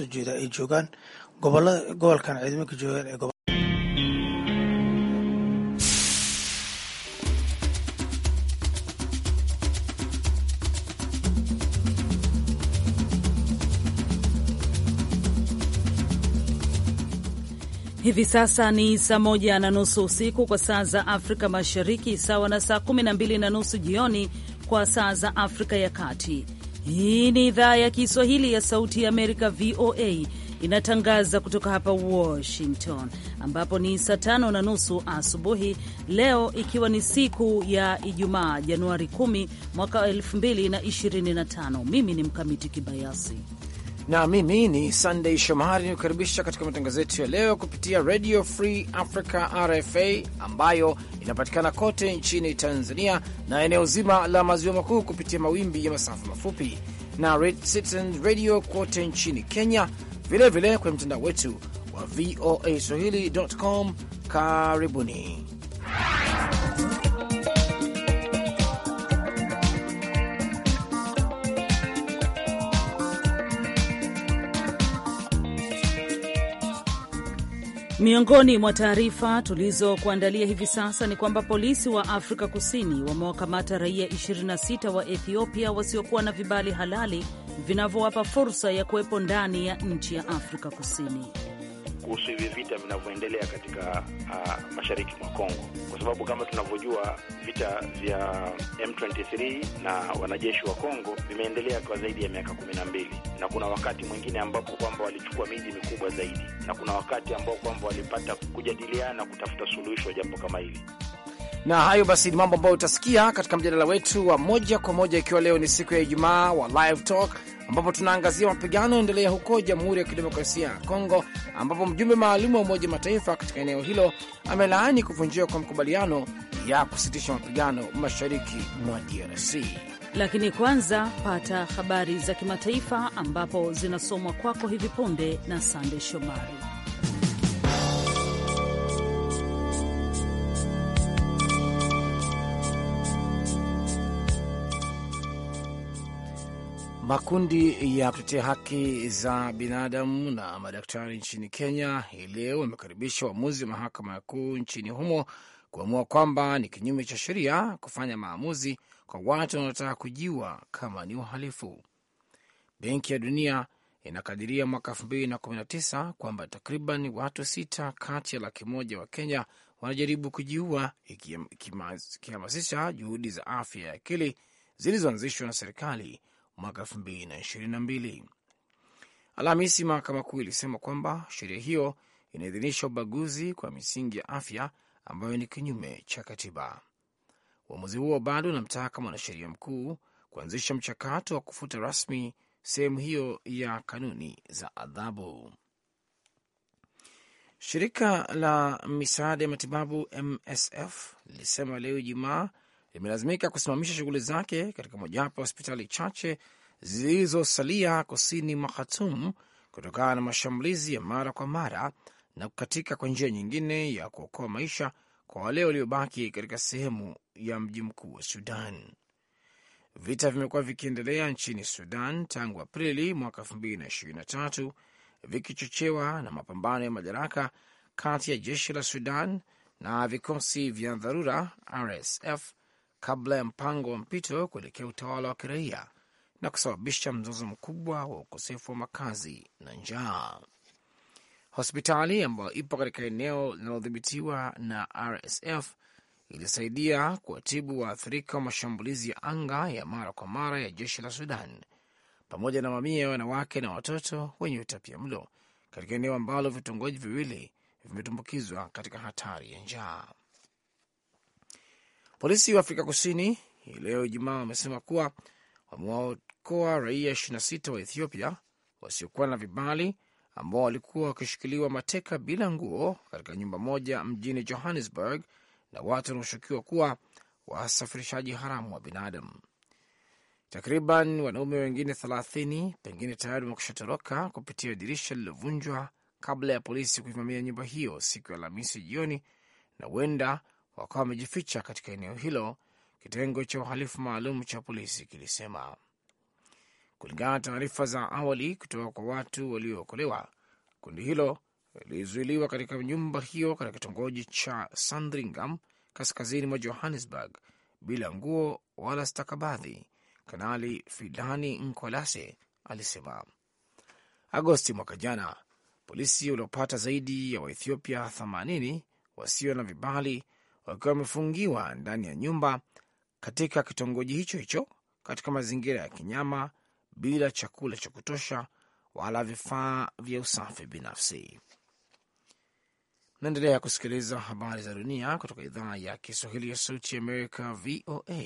soo jeeda ay joogaan gobolada gobolkan ciidamada joogaan ee Hivi sasa ni saa moja na nusu usiku kwa saa za Afrika Mashariki, sawa na saa kumi na mbili na nusu jioni kwa saa za Afrika ya Kati. Hii ni idhaa ya Kiswahili ya Sauti ya Amerika, VOA, inatangaza kutoka hapa Washington, ambapo ni saa tano na nusu asubuhi leo, ikiwa ni siku ya Ijumaa Januari 10 mwaka 2025. Mimi ni Mkamiti Kibayasi na mimi ni Sunday Shomari nikukaribisha katika matangazo yetu ya leo kupitia Radio Free Africa RFA ambayo inapatikana kote nchini Tanzania na eneo zima la maziwa makuu kupitia mawimbi ya masafa mafupi na Red Citizen Radio kote nchini Kenya, vilevile kwenye mtandao wetu wa VOA Swahili.com. Karibuni. Miongoni mwa taarifa tulizokuandalia hivi sasa ni kwamba polisi wa Afrika Kusini wamewakamata raia 26 wa Ethiopia wasiokuwa na vibali halali vinavyowapa fursa ya kuwepo ndani ya nchi ya Afrika Kusini kuhusu hivi vita vinavyoendelea katika uh, mashariki mwa Kongo, kwa sababu kama tunavyojua vita vya M23 na wanajeshi wa Kongo vimeendelea kwa zaidi ya miaka kumi na mbili na kuna wakati mwingine ambapo kwamba walichukua miji mikubwa zaidi, na kuna wakati ambao kwamba walipata kujadiliana kutafuta suluhisho jambo kama hili. Na hayo basi ni mambo ambayo utasikia katika mjadala wetu wa moja kwa moja, ikiwa leo ni siku ya Ijumaa wa Live Talk, ambapo tunaangazia mapigano endelea huko Jamhuri ya Kidemokrasia ya Kongo, ambapo mjumbe maalum wa Umoja Mataifa katika eneo hilo amelaani kuvunjiwa kwa makubaliano ya kusitisha mapigano mashariki mwa DRC. Lakini kwanza pata habari za kimataifa ambapo zinasomwa kwako hivi punde na Sande Shomari. Makundi ya kutetea haki za binadamu na madaktari nchini Kenya hii leo wamekaribisha uamuzi wa mahakama ya kuu nchini humo kuamua kwamba ni kinyume cha sheria kufanya maamuzi kwa watu wanaotaka kujiua kama ni uhalifu. Benki ya Dunia inakadiria mwaka 2019 kwamba takriban watu sita kati ya laki moja wa Kenya wanajaribu kujiua, ikihamasisha juhudi za afya ya akili zilizoanzishwa na serikali mwaka Alhamisi, mahakama kuu ilisema kwamba sheria hiyo inaidhinisha ubaguzi kwa misingi ya afya ambayo ni kinyume cha katiba. Uamuzi huo bado unamtaka mwanasheria mkuu kuanzisha mchakato wa kufuta rasmi sehemu hiyo ya kanuni za adhabu. Shirika la misaada ya matibabu MSF lilisema leo Ijumaa limelazimika kusimamisha shughuli zake katika mojawapo ya hospitali chache zilizosalia kusini mwa Khartoum kutokana na mashambulizi ya mara kwa mara na kukatika kwa njia nyingine ya kuokoa maisha kwa wale waliobaki katika sehemu ya mji mkuu wa Sudan. Vita vimekuwa vikiendelea nchini Sudan tangu Aprili mwaka 2023 vikichochewa na mapambano ya madaraka kati ya jeshi la Sudan na vikosi vya dharura RSF kabla ya mpango wa mpito kuelekea utawala wa kiraia na kusababisha mzozo mkubwa wa ukosefu wa makazi na njaa. Hospitali ambayo ipo katika eneo linalodhibitiwa na RSF ilisaidia kuwatibu waathirika wa mashambulizi ya anga ya mara kwa mara ya jeshi la Sudan pamoja na mamia ya wanawake na watoto wenye utapia mlo katika eneo ambalo vitongoji viwili vimetumbukizwa katika hatari ya njaa. Polisi wa Afrika Kusini hii leo Ijumaa wamesema kuwa wamewaokoa raia 26 wa Ethiopia wasiokuwa na vibali ambao walikuwa wakishikiliwa mateka bila nguo katika nyumba moja mjini Johannesburg na watu wanaoshukiwa kuwa wasafirishaji haramu wa binadamu. Takriban wanaume wengine 30 pengine tayari wamekushatoroka kupitia dirisha lililovunjwa kabla ya polisi kuivamia nyumba hiyo siku ya Alhamisi jioni na huenda wakawa wamejificha katika eneo hilo, kitengo cha uhalifu maalum cha polisi kilisema. Kulingana na taarifa za awali kutoka kwa watu waliookolewa, kundi hilo lilizuiliwa katika nyumba hiyo katika kitongoji cha Sandringham, kaskazini mwa Johannesburg, bila nguo wala stakabadhi. Kanali Fidani Nkolase alisema Agosti mwaka jana polisi waliopata zaidi ya Waethiopia 80 wasio na vibali wakiwa wamefungiwa ndani ya nyumba katika kitongoji hicho hicho katika mazingira ya kinyama bila chakula cha kutosha wala vifaa vya usafi binafsi. Naendelea kusikiliza habari za dunia kutoka idhaa ya Kiswahili ya Sauti ya Amerika, VOA,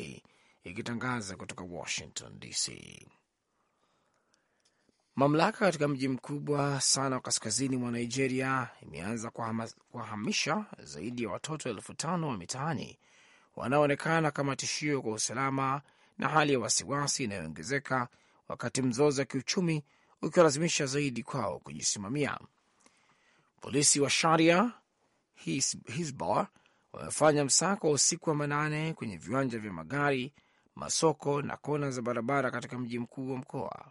ikitangaza kutoka Washington DC. Mamlaka katika mji mkubwa sana wa kaskazini mwa Nigeria imeanza kuwahamisha zaidi ya watoto elfu tano wa mitaani wanaoonekana kama tishio kwa usalama na hali ya wasiwasi inayoongezeka wakati mzozo wa kiuchumi ukiwalazimisha zaidi kwao kujisimamia. Polisi wa Sharia Hizbar wamefanya msako wa usiku wa manane kwenye viwanja vya magari, masoko na kona za barabara katika mji mkuu wa mkoa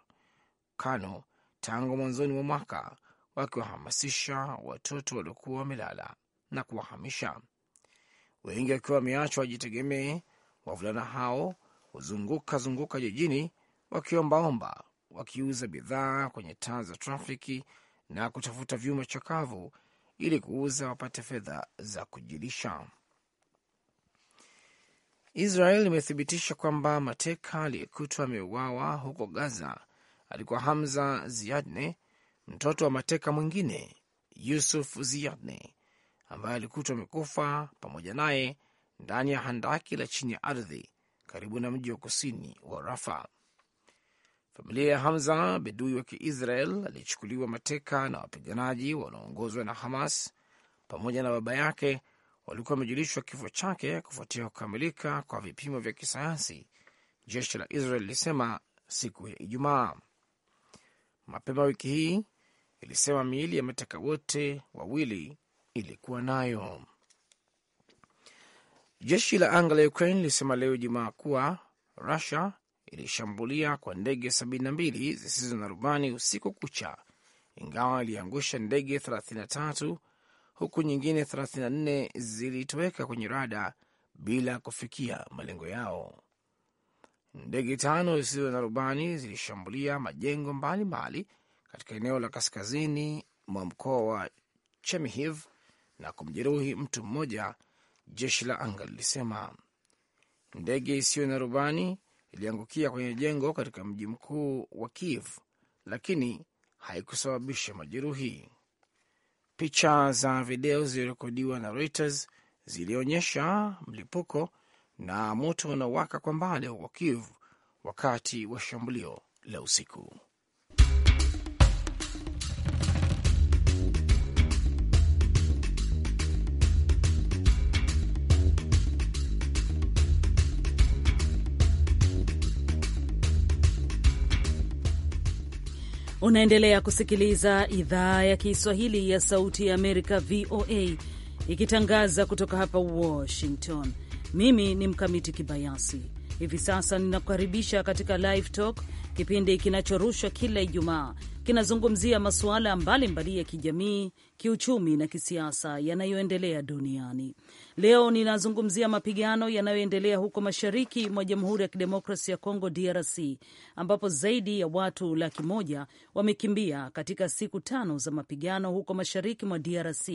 volkano tangu mwanzoni mwa mwaka, wakiwahamasisha watoto waliokuwa wamelala na kuwahamisha, wengi wakiwa wameachwa wajitegemee. Wavulana hao huzunguka zunguka jijini wakiombaomba, wakiuza bidhaa kwenye taa za trafiki na kutafuta vyuma chakavu ili kuuza wapate fedha za kujilisha. Israel imethibitisha kwamba mateka aliyekutwa ameuawa huko Gaza alikuwa Hamza Ziadne, mtoto wa mateka mwingine Yusuf Ziadne ambaye alikutwa amekufa pamoja naye ndani ya handaki la chini ya ardhi karibu na mji wa kusini wa Rafa. Familia ya Hamza, bedui wa Kiisrael aliyechukuliwa mateka na wapiganaji wanaoongozwa na Hamas, pamoja na baba yake walikuwa wamejulishwa kifo chake kufuatia kukamilika kwa vipimo vya kisayansi, jeshi la Israel lilisema siku ya Ijumaa mapema wiki hii ilisema miili ya mateka wote wawili ilikuwa nayo. Jeshi la anga la Ukraine lilisema leo Jumaa kuwa Rusia ilishambulia kwa ndege 72 zisizo na rubani usiku kucha, ingawa iliangusha ndege 33 huku nyingine 34 zilitoweka kwenye rada bila kufikia malengo yao. Ndege tano zisizo na rubani zilishambulia majengo mbalimbali katika eneo la kaskazini mwa mkoa wa Chemihiv na kumjeruhi mtu mmoja, jeshi la anga lilisema. Ndege isiyo na rubani iliangukia kwenye jengo katika mji mkuu wa Kiev, lakini haikusababisha majeruhi. Picha za video zilirekodiwa na Reuters zilionyesha mlipuko na moto unawaka kwa mbali huko Kiev wakati wa shambulio la usiku. Unaendelea kusikiliza idhaa ya Kiswahili ya Sauti ya Amerika, VOA, ikitangaza kutoka hapa Washington. Mimi ni Mkamiti Kibayasi. Hivi sasa ninakukaribisha katika Live Talk, kipindi kinachorushwa kila Ijumaa. Kinazungumzia masuala mbalimbali ya kijamii, kiuchumi na kisiasa yanayoendelea duniani. Leo ninazungumzia mapigano yanayoendelea huko mashariki mwa Jamhuri ya Kidemokrasi ya Kongo, DRC, ambapo zaidi ya watu laki moja wamekimbia katika siku tano za mapigano huko mashariki mwa DRC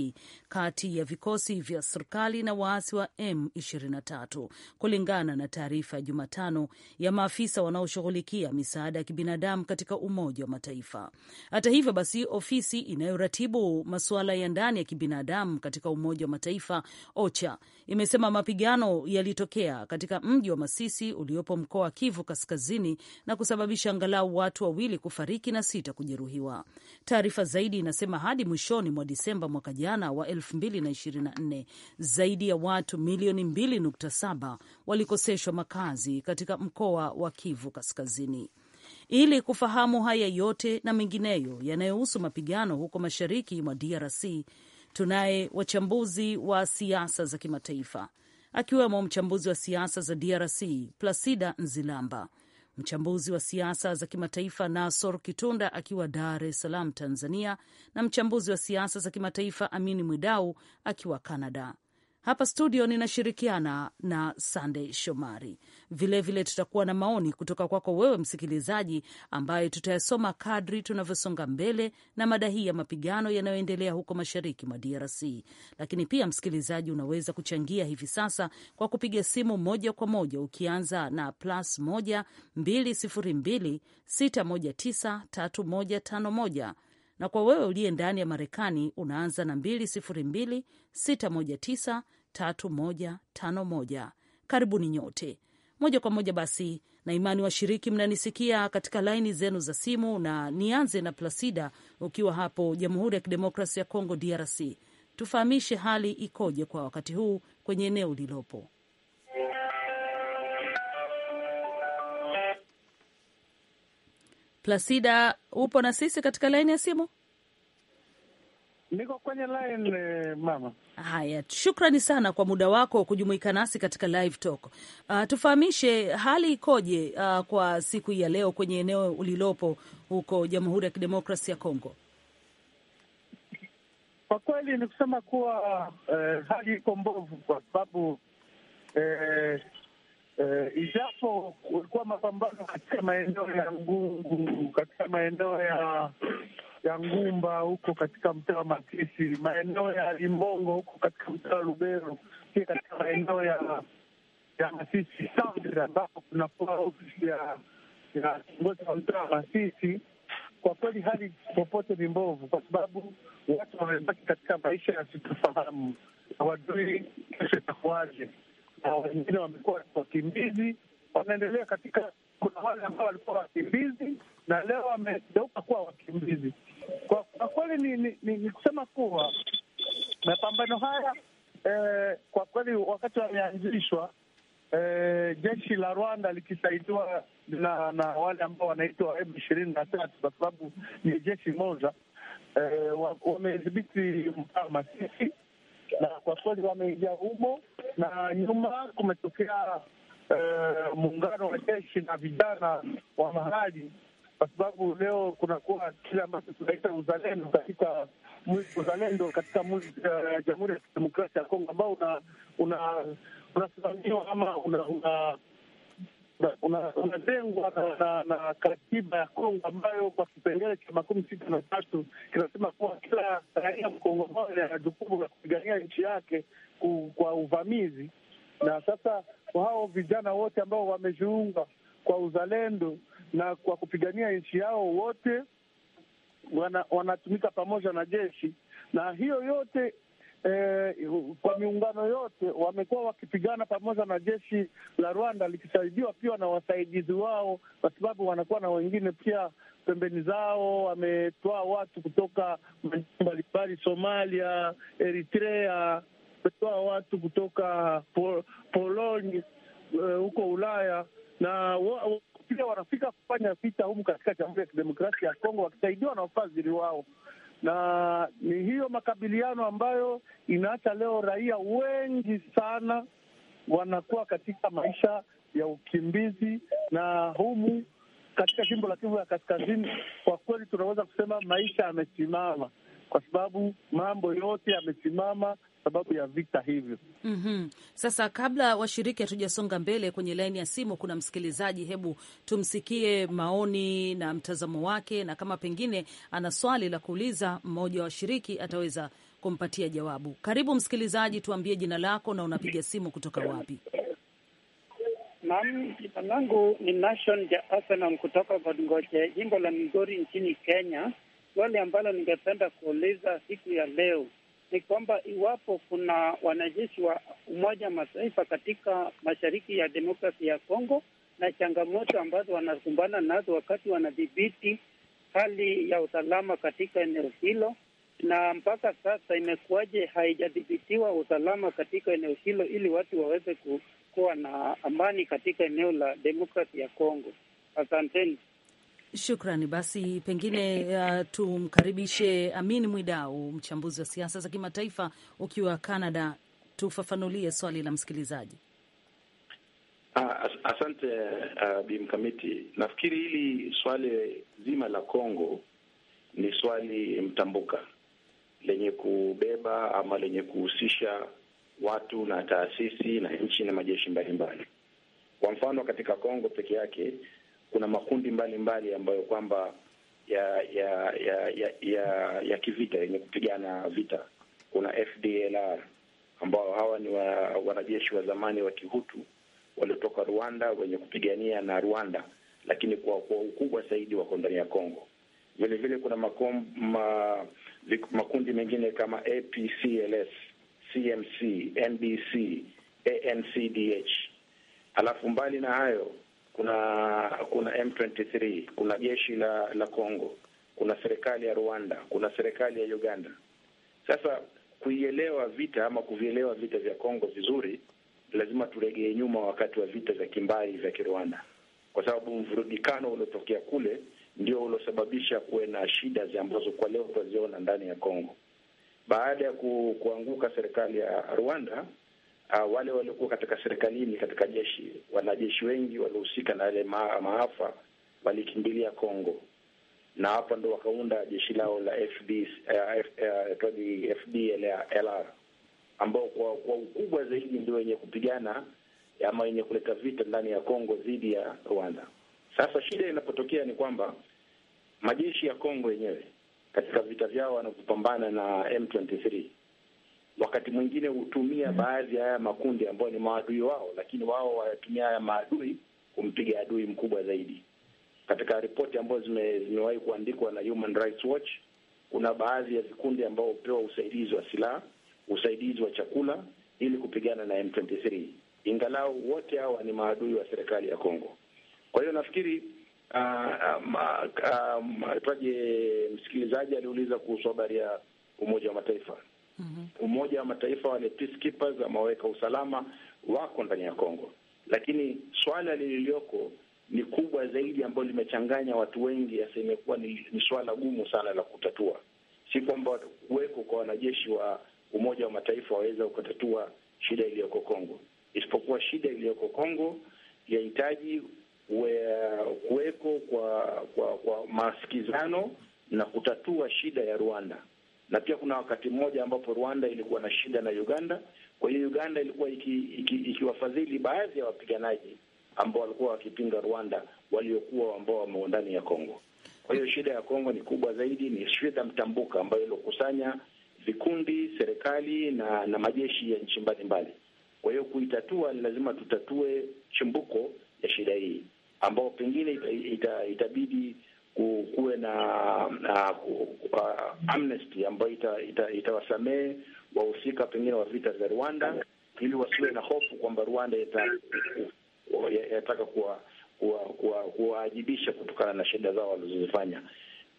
kati ya vikosi vya serikali na waasi wa M23, kulingana na taarifa ya Jumatano ya maafisa wanaoshughulikia misaada ya kibinadamu katika Umoja wa Mataifa. Hata hivyo basi, ofisi inayoratibu masuala ya ndani ya kibinadamu katika Umoja wa Mataifa OCHA Arusha imesema mapigano yalitokea katika mji wa Masisi uliopo mkoa wa Kivu Kaskazini na kusababisha angalau watu wawili kufariki na sita kujeruhiwa. Taarifa zaidi inasema hadi mwishoni mwa Disemba mwaka jana wa 2024 zaidi ya watu milioni 2.7 walikoseshwa makazi katika mkoa wa Kivu Kaskazini. Ili kufahamu haya yote na mengineyo yanayohusu mapigano huko mashariki mwa DRC, Tunaye wachambuzi wa siasa za kimataifa akiwemo mchambuzi wa siasa za DRC Placida Nzilamba, mchambuzi wa siasa za kimataifa Nasor Kitunda akiwa Dar es Salaam, Tanzania, na mchambuzi wa siasa za kimataifa Amini Mwidau akiwa Canada. Hapa studio ninashirikiana na Sandey Shomari. Vilevile vile tutakuwa na maoni kutoka kwako wewe msikilizaji, ambayo tutayasoma kadri tunavyosonga mbele na mada hii ya mapigano yanayoendelea huko mashariki mwa DRC. Lakini pia msikilizaji, unaweza kuchangia hivi sasa kwa kupiga simu moja kwa moja ukianza na plus 1 moja tano moja na kwa wewe uliye ndani ya Marekani unaanza na 202 619 Karibuni nyote moja kwa moja basi na imani washiriki, mnanisikia katika laini zenu za simu, na nianze na plasida ukiwa hapo Jamhuri ya Kidemokrasi ya Kongo, DRC. Tufahamishe hali ikoje kwa wakati huu kwenye eneo lilopo. Placida, upo na sisi katika laini ya simu? Niko kwenye line eh, mama. Haya, shukrani sana kwa muda wako kujumuika nasi katika live talk. Uh, tufahamishe hali ikoje uh, kwa siku hii ya leo kwenye eneo ulilopo huko Jamhuri ya Kidemokrasia ya Kongo? Kwa kweli ni kusema kuwa uh, hali iko mbovu kwa sababu uh, Eh, ijapo kulikuwa mapambano katika maeneo ya Ngungu, katika maeneo ya ya Ngumba huko katika mtaa wa Matisi, maeneo ya Limbongo huko katika mtaa wa Lubero, pia katika maeneo ya ya Masisi Sandra, ambapo kunakuwa ofisi ya ya kiongozi wa mtaa wa Masisi. Kwa kweli hali popote ni mbovu, kwa sababu watu wamebaki katika maisha yasitofahamu, hawajui kesho itakuwaje na wengine wamekuwa wakimbizi, wanaendelea katika. Kuna wale ambao walikuwa wakimbizi na leo wamegeuka kuwa wakimbizi. Kwa, kwa kweli ni, ni, ni, ni kusema kuwa mapambano haya eh, kwa kweli wakati wameanzishwa eh, jeshi la Rwanda likisaidiwa na, na wale ambao wanaitwa M ishirini na tatu kwa sababu ni jeshi moja eh, wamedhibiti mpaa Masisi na kwa kweli wameingia humo, na nyuma kumetokea eh, muungano wa jeshi na vijana wa mahali, kwa sababu leo kunakuwa kile ambacho tunaita uzalendo katika uzalendo katika eh, Jamhuri ya Kidemokrasia ya Kongo ambao unasimamiwa una, una ama una, una unatengwa una na, na, na katiba ya Kongo ambayo kwa kipengele cha makumi sita na tatu kinasema kuwa kila raia mkongomani ana jukumu la kupigania nchi yake ku, kwa uvamizi. Na sasa hao vijana wote ambao wamejiunga kwa uzalendo na kwa kupigania nchi yao wote wanatumika wana pamoja na jeshi, na hiyo yote eh, kwa miungano yote wamekuwa wakipigana pamoja na jeshi la Rwanda likisaidiwa pia na wasaidizi wao, kwa sababu wanakuwa na wengine pia pembeni zao. wametoa watu kutoka mbalimbali Somalia, Eritrea, wametoa watu kutoka Pol Poloni e, huko uh, Ulaya na pia wanafika kufanya vita humu katika Jamhuri ya Kidemokrasia ya Kongo wakisaidiwa na wafadhili wao na ni hiyo makabiliano ambayo inaacha leo raia wengi sana wanakuwa katika maisha ya ukimbizi, na humu katika jimbo la Kivu ya Kaskazini, kwa kweli tunaweza kusema maisha yamesimama, kwa sababu mambo yote yamesimama sababu ya vita hivyo. mm -hmm. Sasa kabla washiriki hatujasonga mbele kwenye laini ya simu, kuna msikilizaji, hebu tumsikie maoni na mtazamo wake, na kama pengine ana swali la kuuliza mmoja wa washiriki ataweza kumpatia jawabu. Karibu msikilizaji, tuambie jina lako na unapiga simu kutoka wapi? Naam, jina langu ni Nation Jaasanam kutoka Godgoche, jimbo la Migori nchini Kenya. Swali ambalo ningependa kuuliza siku ya leo ni kwamba iwapo kuna wanajeshi wa Umoja wa Mataifa katika mashariki ya demokrasi ya Kongo na changamoto ambazo wanakumbana nazo wakati wanadhibiti hali ya usalama katika eneo hilo, na mpaka sasa imekuwaje haijadhibitiwa usalama katika eneo hilo ili watu waweze kuwa na amani katika eneo la demokrasi ya Kongo? Asanteni. Shukrani. Basi pengine uh, tumkaribishe Amin Mwidau, mchambuzi wa siasa za kimataifa, ukiwa Canada, tufafanulie swali la msikilizaji. Ah, asante uh, Bimkamiti. Mkamiti, nafikiri hili swali zima la congo ni swali mtambuka lenye kubeba ama lenye kuhusisha watu na taasisi na nchi na majeshi mbalimbali. Kwa mfano katika congo peke yake kuna makundi mbalimbali mbali ambayo kwamba ya ya ya ya, ya, ya kivita yenye kupigana vita. Kuna FDLR ambao hawa ni wa, wanajeshi wa zamani wa Kihutu waliotoka Rwanda wenye kupigania na Rwanda, lakini kwa kwa ukubwa zaidi wako ndani ya Kongo. Vile vile kuna makom, ma, makundi mengine kama APCLS, CMC, NDC, ANCDH. Alafu mbali na hayo kuna kuna M23, kuna jeshi la la Congo, kuna serikali ya Rwanda, kuna serikali ya Uganda. Sasa kuielewa vita ama kuvielewa vita vya Congo vizuri, lazima turegee nyuma wakati wa vita vya kimbari vya Kirwanda, kwa sababu mvurudikano uliotokea kule ndio uliosababisha kuwe na shida ambazo kwa leo tunaziona ndani ya Congo. Baada ya ku, kuanguka serikali ya Rwanda uh, wale waliokuwa katika serikalini, katika jeshi, wanajeshi wengi waliohusika na yale ma maafa walikimbilia Kongo, na hapo ndo wakaunda jeshi lao la FD, uh, F, uh, eh, FDLR eh, ambao kwa, kwa ukubwa zaidi ndio wenye kupigana ama wenye kuleta vita ndani ya Kongo dhidi ya Rwanda. Sasa shida inapotokea ni kwamba majeshi ya Kongo yenyewe katika vita vyao wanavyopambana na M23 wakati mwingine hutumia mm. baadhi ya haya makundi ambayo ni maadui wao, lakini wao wanatumia haya maadui kumpiga adui mkubwa zaidi. Katika ripoti ambazo zimewahi kuandikwa na Human Rights Watch, kuna baadhi ya vikundi ambao hupewa usaidizi wa silaha, usaidizi wa chakula ili kupigana na M23, ingalau wote hawa ni maadui wa serikali ya Kongo. Kwa hiyo nafikiri ah, ah, ah, taje, msikilizaji aliuliza kuhusu habari ya Umoja wa Mataifa. -hmm. Umoja wa Mataifa wale peacekeepers wameweka usalama wako ndani ya Kongo, lakini swala lililoko ni kubwa zaidi, ambayo limechanganya watu wengi, hasa imekuwa ni, ni swala gumu sana la kutatua. Si kwamba kuweko kwa wanajeshi wa Umoja wa Mataifa waweza ukatatua shida iliyoko Kongo, isipokuwa shida iliyoko Kongo yahitaji kuweko kwa, kwa, kwa masikizano na kutatua shida ya Rwanda na pia kuna wakati mmoja ambapo Rwanda ilikuwa na shida na Uganda. Kwa hiyo Uganda ilikuwa ikiwafadhili iki, iki baadhi ya wapiganaji ambao walikuwa wakipinga Rwanda waliokuwa ambao wamo ndani ya Kongo. Kwa hiyo shida ya Kongo ni kubwa zaidi, ni shida mtambuka ambayo iliokusanya vikundi, serikali na na majeshi ya nchi mbalimbali. Kwa hiyo kuitatua, ni lazima tutatue chimbuko ya shida hii, ambao pengine ita, ita, itabidi kuwe na, na uh, amnesty ambayo itawasamehe ita, ita wahusika pengine wa vita vya Rwanda ili wasiwe na hofu kwamba Rwanda yataka kuwaajibisha kutokana na shida zao walizozifanya.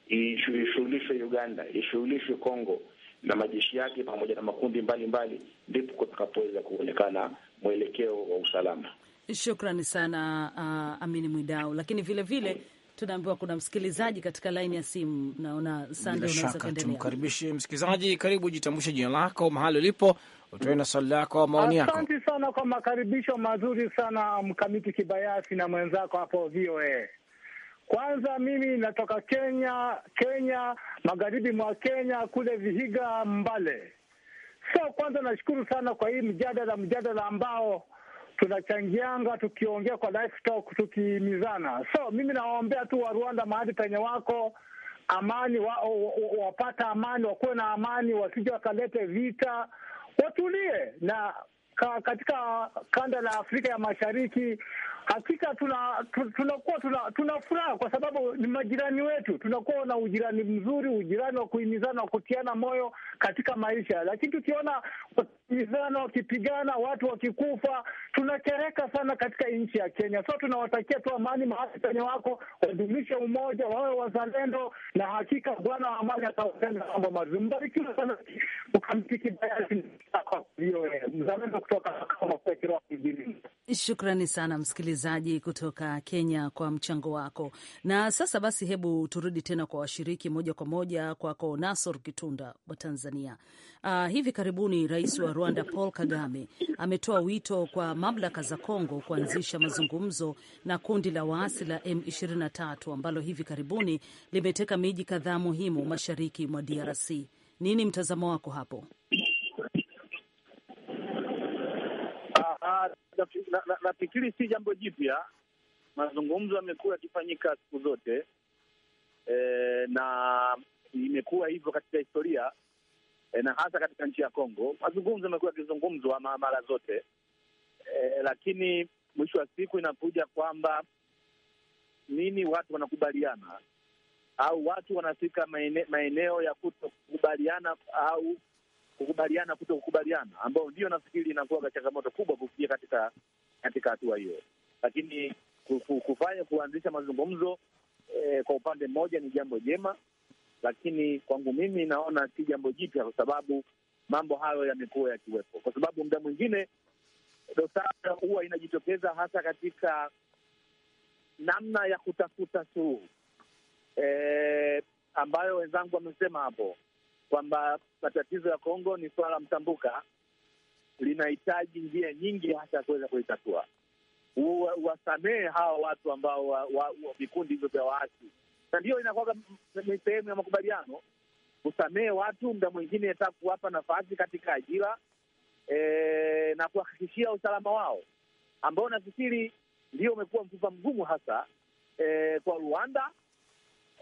Ishughulishwe Uganda, ishughulishwe Kongo na majeshi yake pamoja na makundi mbalimbali, ndipo kutakapoweza kuonekana mwelekeo wa usalama. Shukrani sana uh, Amini Mwidau, lakini vile vile Tunaambiwa kuna msikilizaji katika laini ya simu. Naona Sande, unaweza kuendelea. Tumkaribishe msikilizaji, karibu, jitambushe jina lako, mahali ulipo, utoe na swali lako, maoni yako. Asante sana kwa makaribisho mazuri sana, Mkamiti Kibayasi na mwenzako hapo VOA. Kwanza mimi natoka Kenya, Kenya magharibi mwa Kenya kule Vihiga Mbale. So kwanza nashukuru sana kwa hii mjadala, mjadala ambao tunachangianga tukiongea kwa live talk, So mimi nawaombea tu wa Rwanda mahali penye wako amani, wapata wa, wa, amani, wakuwe na amani, wasije wakalete vita, watulie na ka, katika kanda la Afrika ya Mashariki Hakika tunakuwa tuna, tuna, tuna furaha kwa sababu ni majirani wetu, tunakuwa na ujirani mzuri, ujirani wa kuhimizana, wa kutiana moyo katika maisha. Lakini tukiona wakimizana wakipigana, watu wakikufa, tunakereka sana katika nchi ya Kenya. So tunawatakia tu amani mahali penye wako, wadumishe umoja, wawe wazalendo, na hakika Bwana wa amani atawatenda mambo mazuri. Mbarikiwe sana Mkamiti Kibayasi, mzalendo kutoka makao makuu ya Kiroa Kijini. Shukrani sana msikili msikilizaji kutoka Kenya kwa mchango wako. Na sasa basi, hebu turudi tena kwa washiriki moja kwa moja kwako, Nasor Kitunda wa Tanzania. Uh, hivi karibuni rais wa Rwanda Paul Kagame ametoa wito kwa mamlaka za Kongo kuanzisha mazungumzo na kundi la waasi la M23 ambalo hivi karibuni limeteka miji kadhaa muhimu mashariki mwa DRC. Nini mtazamo wako hapo? nafikiri na, na, na si jambo jipya. Mazungumzo yamekuwa yakifanyika siku zote e, na imekuwa hivyo katika historia e, na hasa katika nchi ya Kongo mazungumzo yamekuwa yakizungumzwa mara zote e, lakini mwisho wa siku inakuja kwamba nini watu wanakubaliana au watu wanafika maene, maeneo ya kutokubaliana au kukubaliana kuto kukubaliana, ambao ndio nafikiri inakuwa changamoto kubwa kufikia katika katika hatua hiyo, lakini kufanya kuanzisha mazungumzo eh, kwa upande mmoja ni jambo jema, lakini kwangu mimi naona si jambo jipya, kwa sababu mambo hayo yamekuwa yakiwepo, kwa sababu muda mwingine dosara huwa inajitokeza hasa katika namna ya kutafuta suluhu eh, ambayo wenzangu wamesema hapo kwamba matatizo ya Kongo ni swala mtambuka, linahitaji njia nyingi hata kuweza kulitatua. Wasamehe hawa watu ambao vikundi hivyo vya waasi, na ndiyo inakuwa ni sehemu ya makubaliano kusamehe watu, mda mwingine nataka kuwapa nafasi katika ajira e, na kuhakikishia usalama wao ambao nafikiri ndio umekuwa mfupa mgumu hasa e, kwa Rwanda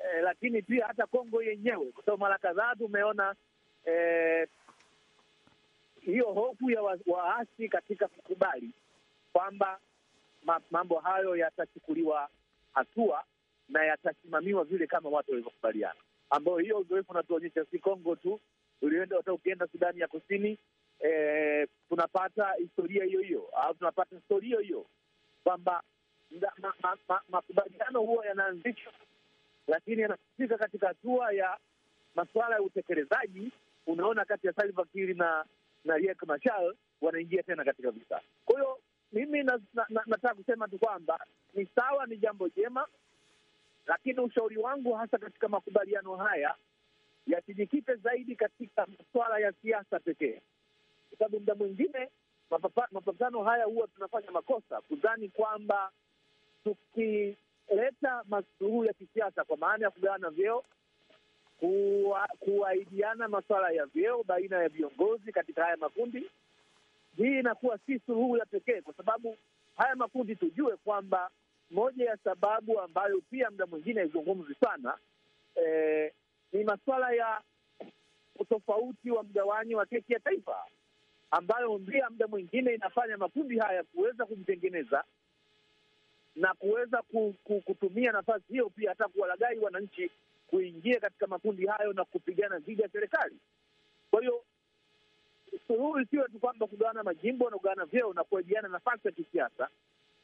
eh, lakini pia hata Kongo yenyewe, kwa sababu mara kadhaa tumeona eh, hiyo hofu ya wa, waasi katika kukubali kwamba mambo hayo yatachukuliwa hatua na yatasimamiwa vile kama watu walivyokubaliana, ambayo hiyo uzoefu unatuonyesha si Kongo tu, ulienda hata ukienda Sudani ya Kusini eh, tunapata historia hiyo hiyo au tunapata historia hiyo kwamba makubaliano huwa yanaanzishwa lakini anasisitiza katika hatua ya masuala ya utekelezaji. Unaona, kati ya Salva Kiir na na Riek Machar wanaingia tena katika vita. Kwa hiyo mimi nataka na, na, nataka kusema tu kwamba ni sawa, ni jambo jema, lakini ushauri wangu hasa katika makubaliano haya yasijikite zaidi katika masuala ya siasa pekee, kwa sababu muda mwingine mapapa, mapatano haya huwa tunafanya makosa kudhani kwamba tuki kuleta masuluhu ya kisiasa kwa maana ya kugawana vyeo, kuahidiana masuala ya vyeo baina ya viongozi katika haya makundi. Hii inakuwa si suluhu ya pekee, kwa sababu haya makundi tujue kwamba moja ya sababu ambayo pia muda mwingine haizungumzi sana eh, ni masuala ya utofauti wa mgawanyo wa keki ya taifa ambayo ndia muda mwingine inafanya makundi haya kuweza kujitengeneza na kuweza kutumia nafasi hiyo pia hata kuwalagai wananchi kuingia katika makundi hayo na kupigana dhidi ya serikali. Kwa hiyo suluhu isiwe tu kwamba kugawana majimbo na kugawana vyeo na kuajiana nafasi ya kisiasa,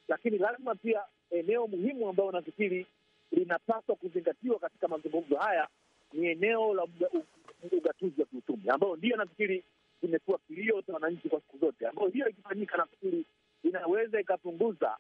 lakini lazima pia eneo muhimu ambayo nafikiri linapaswa kuzingatiwa katika mazungumzo haya ni eneo la ugatuzi wa kiuchumi, ambayo ndiyo nafikiri imekuwa kilio cha wananchi kwa siku zote, ambayo hiyo ikifanyika, nafikiri inaweza ikapunguza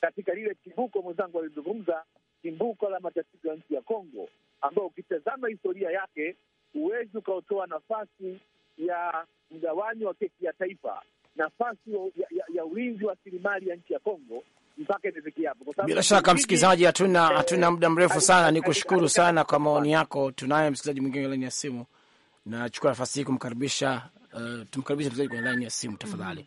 katika lile chimbuko mwenzangu alizungumza, chimbuko la matatizo ya nchi ya Kongo, ambayo ukitazama historia yake huwezi ukaotoa nafasi ya mgawanyo wa keki ya taifa, nafasi ya, ya, ya ulinzi wa rasilimali ya nchi ya Kongo mpaka imefikia hapo. Bila shaka msikilizaji, hatuna eh, hatuna muda mrefu sana, ni kushukuru sana kwa maoni yako. Tunaye msikilizaji mwingine laini ya simu, nachukua nafasi hii kumkaribisha tumkaribisha eh, tumkaribishe msikilizaji kwenye laini ya simu tafadhali.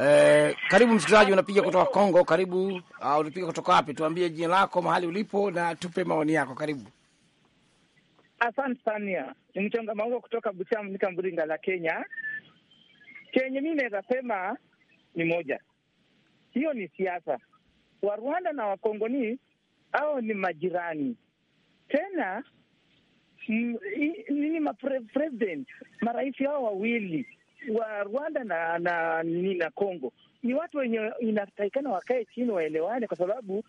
Eh, karibu msikilizaji, unapiga kutoka Kongo. Karibu Au ah, unapiga kutoka wapi? Tuambie jina lako, mahali ulipo na tupe maoni yako. Karibu. Asante sana, ni mchonga maua kutoka Buchamika Mburinga la Kenya. Kenye mi naweza sema ni moja, hiyo ni siasa. Rwanda na ni au ni majirani, tena nini mapresident marais hao wawili wa Rwanda na na, na Congo ni watu wenye inatakikana wakae chini waelewane, kwa sababu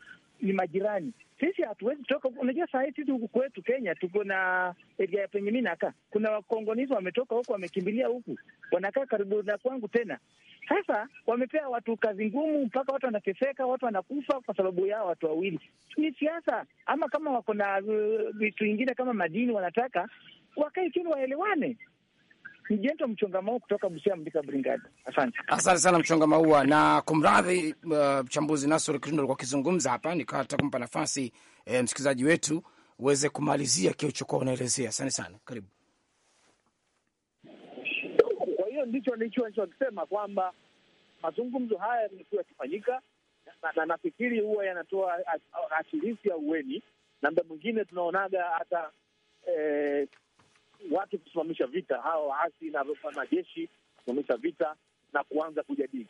ni majirani. Sisi hatuwezi toka. Unajua, saa hii sisi huku kwetu Kenya tuko na eria ya penye mi nakaa, kuna wakongonizi wametoka huku, wamekimbilia huku, wanakaa karibu na kwangu tena. Sasa wamepea watu kazi ngumu, mpaka watu wanateseka, watu wanakufa kwa sababu yao watu wawili. Ni siasa, ama kama wako na uh, vitu uh, ingine kama madini wanataka wakae chini waelewane. Mchonga Mchongamau kutoka Busia Mbika Bringada. Asante, asante sana Mchongamaua na kumradhi uh, mchambuzi uh, Nasor Kirindo alikuwa akizungumza hapa, nikawa kumpa nafasi eh, msikilizaji wetu uweze kumalizia kile ulichokuwa unaelezea. Asante sana, karibu. Kwa hiyo ndicho nilichokisema kwamba mazungumzo haya yamekuwa yakifanyika na nafikiri huwa yanatoa asilizi ya uweni, na mda mwingine tunaonaga hata eh, watu kusimamisha vita, hawa waasi na majeshi kusimamisha vita na kuanza kujadili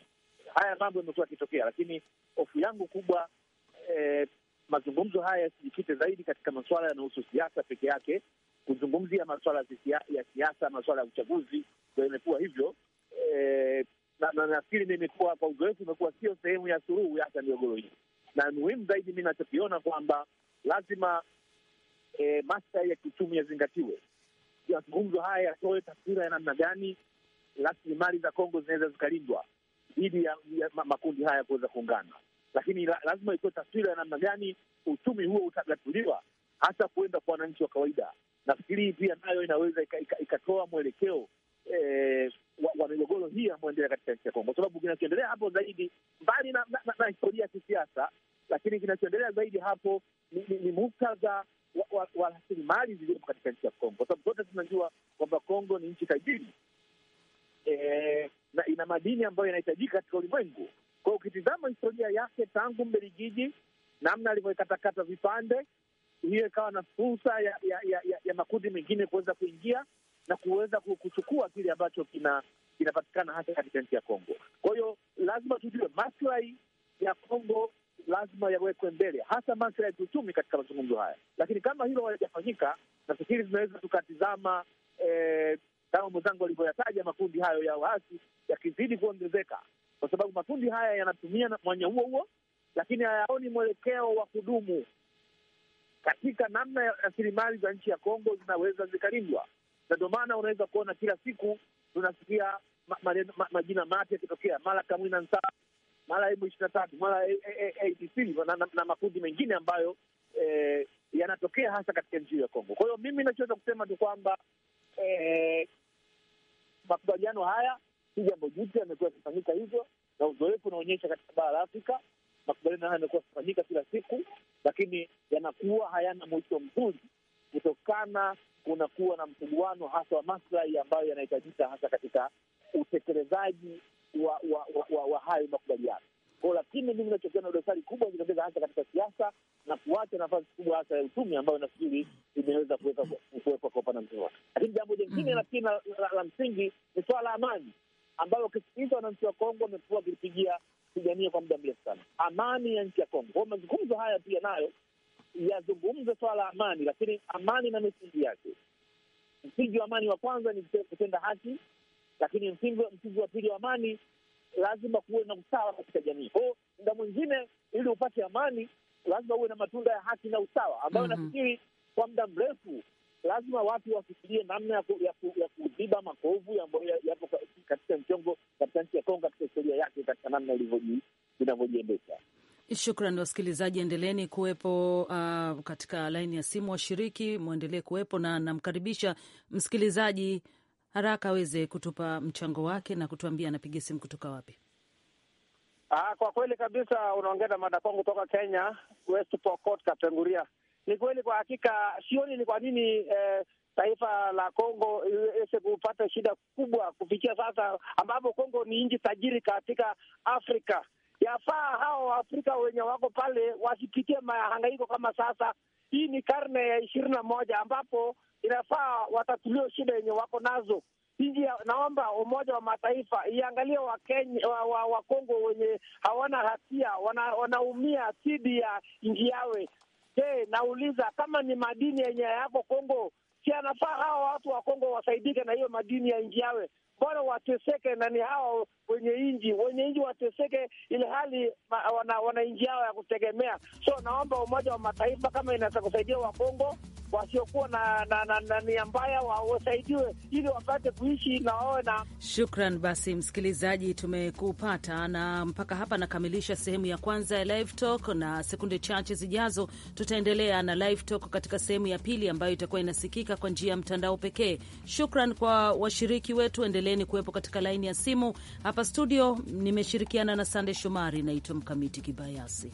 haya mambo. Yamekuwa yakitokea, lakini hofu yangu kubwa eh, mazungumzo haya yasijikite zaidi katika masuala yanayohusu siasa peke yake, kuzungumzia masuala ya siasa, masuala ya uchaguzi. Ndo imekuwa hivyo eh, na, na imekuwa kwa uzoefu, imekuwa sio sehemu ya suruhu hata migogoro hii, na muhimu zaidi mi nachokiona kwamba lazima eh, maslahi ya kiuchumi yazingatiwe mazungumzo haya yatoe taswira ya namna gani rasilimali za Kongo zinaweza zikalindwa dhidi ya, ya makundi haya kuweza kuungana, lakini la, lazima itoe taswira ya namna gani uchumi huo utagatuliwa hata kuenda kwa wananchi wa kawaida. Nafikiri pia nayo inaweza ikatoa ika, ika mwelekeo eh, wa, wa migogoro hii ambayo endelea katika nchi ya Kongo, kwa sababu kinachoendelea hapo zaidi mbali na, na, na, na historia ya kisiasa, lakini kinachoendelea zaidi hapo ni, ni, ni muktadha wa rasilimali zilizopo katika nchi ya Kongo, kwa sababu zote tunajua kwamba Kongo ni nchi tajiri e, na ina madini ambayo yanahitajika katika ulimwengu. Kwa hiyo ukitizama historia yake tangu Mbeligiji, namna alivyoikatakata vipande, hiyo ikawa na fursa ya, ya, ya, ya, ya makundi mengine kuweza kuingia na kuweza kuchukua kile ambacho kina kinapatikana hasa katika nchi ya Kongo. Kwa hiyo lazima tujue maslahi ya Kongo lazima yawekwe mbele, hasa masuala ya kiuchumi katika mazungumzo haya. Lakini kama hilo halijafanyika, nafikiri tunaweza tukatizama eh, kama mwenzangu alivyoyataja makundi hayo ya waasi yakizidi kuongezeka, kwa sababu makundi haya yanatumia mwanya huo huo, lakini hayaoni mwelekeo wa kudumu katika namna ya rasilimali za nchi ya Kongo zinaweza zikalindwa, na ndio maana unaweza kuona kila siku tunasikia majina ma, ma, majina mapya yakitokea. Mara Kamwina mara emu ishirini na tatu mara ADC na makundi mengine ambayo eh, yanatokea hasa katika nchi hiyo ya Kongo. Kwa hiyo mimi nachoweza kusema tu kwamba eh, makubaliano haya si jambo jipya, yamekuwa yakifanyika hivyo na uzoefu unaonyesha katika bara la Afrika makubaliano haya yamekuwa yakifanyika kila siku, lakini yanakuwa hayana mwisho mzuri kutokana kunakuwa na msuguano hasa wa maslahi ambayo yanahitajika hasa katika utekelezaji wa, wa, wa, wa, wa hayo makubaliano kwao. Lakini mimi nachokiona dosari kubwa ikitokeza hasa katika siasa na kuacha nafasi kubwa hasa ya uchumi ambayo nafikiri imeweza kuwekwa kwa upande mzima, Lakini jambo jingine nafikiri mm-hmm. la msingi ni swala la amani, ambayo ukisikiliza wananchi wa Kongo wamekuwa wakipigia pigania kwa muda mrefu sana, amani ya nchi ya Kongo. Kwao mazungumzo haya pia nayo yazungumze swala la amani, lakini amani na misingi yake. Msingi wa amani wa kwanza ni kutenda haki lakini msingi wa pili wa amani lazima kuwe na usawa katika jamii. Kwao muda mwingine, ili upate amani, lazima uwe na matunda ya haki na usawa, ambayo mm -hmm. kwa muda mrefu lazima watu wafikirie namna ya kuziba makovu ambayo yapo katika mchongo katika nchi ya Kongo katika historia yake katika namna inavyojiendesha. Shukran wasikilizaji, endeleni kuwepo uh, katika laini ya simu. Washiriki mwendelee kuwepo na namkaribisha msikilizaji haraka aweze kutupa mchango wake na kutuambia anapiga simu kutoka wapi. Aa, ah, kwa kweli kabisa unaongea na mada kwangu kutoka Kenya, West Pokot Kapenguria. Ni kweli kwa hakika, sioni ni kwa nini eh, taifa la Kongo iweze kupata shida kubwa kufikia sasa, ambapo Kongo ni nchi tajiri katika Afrika. Yafaa hao Waafrika wenye wako pale wasipitie mahangaiko kama sasa. Hii ni karne ya ishirini na moja ambapo inafaa watatuliwe shida yenye wako nazo. Hii naomba Umoja wa Mataifa iangalie Wakenya wa, wa, Wakongo wenye hawana hatia wanaumia wana dhidi ya nji yawe. Je, nauliza kama ni madini yenye yako Kongo, si anafaa hawa watu wa Kongo wasaidike na hiyo madini ya nji yawe? Mbona wateseke na ni hawa wenye nji wenye nji wateseke, ili hali wana, wana nji yao ya kutegemea. So naomba Umoja wa Mataifa kama inaweza kusaidia Wakongo wasiokuwa na, na, na, na nia mbaya wasaidiwe ili wapate kuishi na wawe na shukran. Basi msikilizaji, tumekupata na mpaka hapa nakamilisha sehemu ya kwanza ya Live Talk, na sekunde chache zijazo tutaendelea na Live Talk katika sehemu ya pili ambayo itakuwa inasikika kwa njia ya mtandao pekee. Shukran kwa washiriki wetu, endeleeni kuwepo katika laini ya simu. Hapa studio nimeshirikiana na Sande Shomari, naitwa Mkamiti Kibayasi.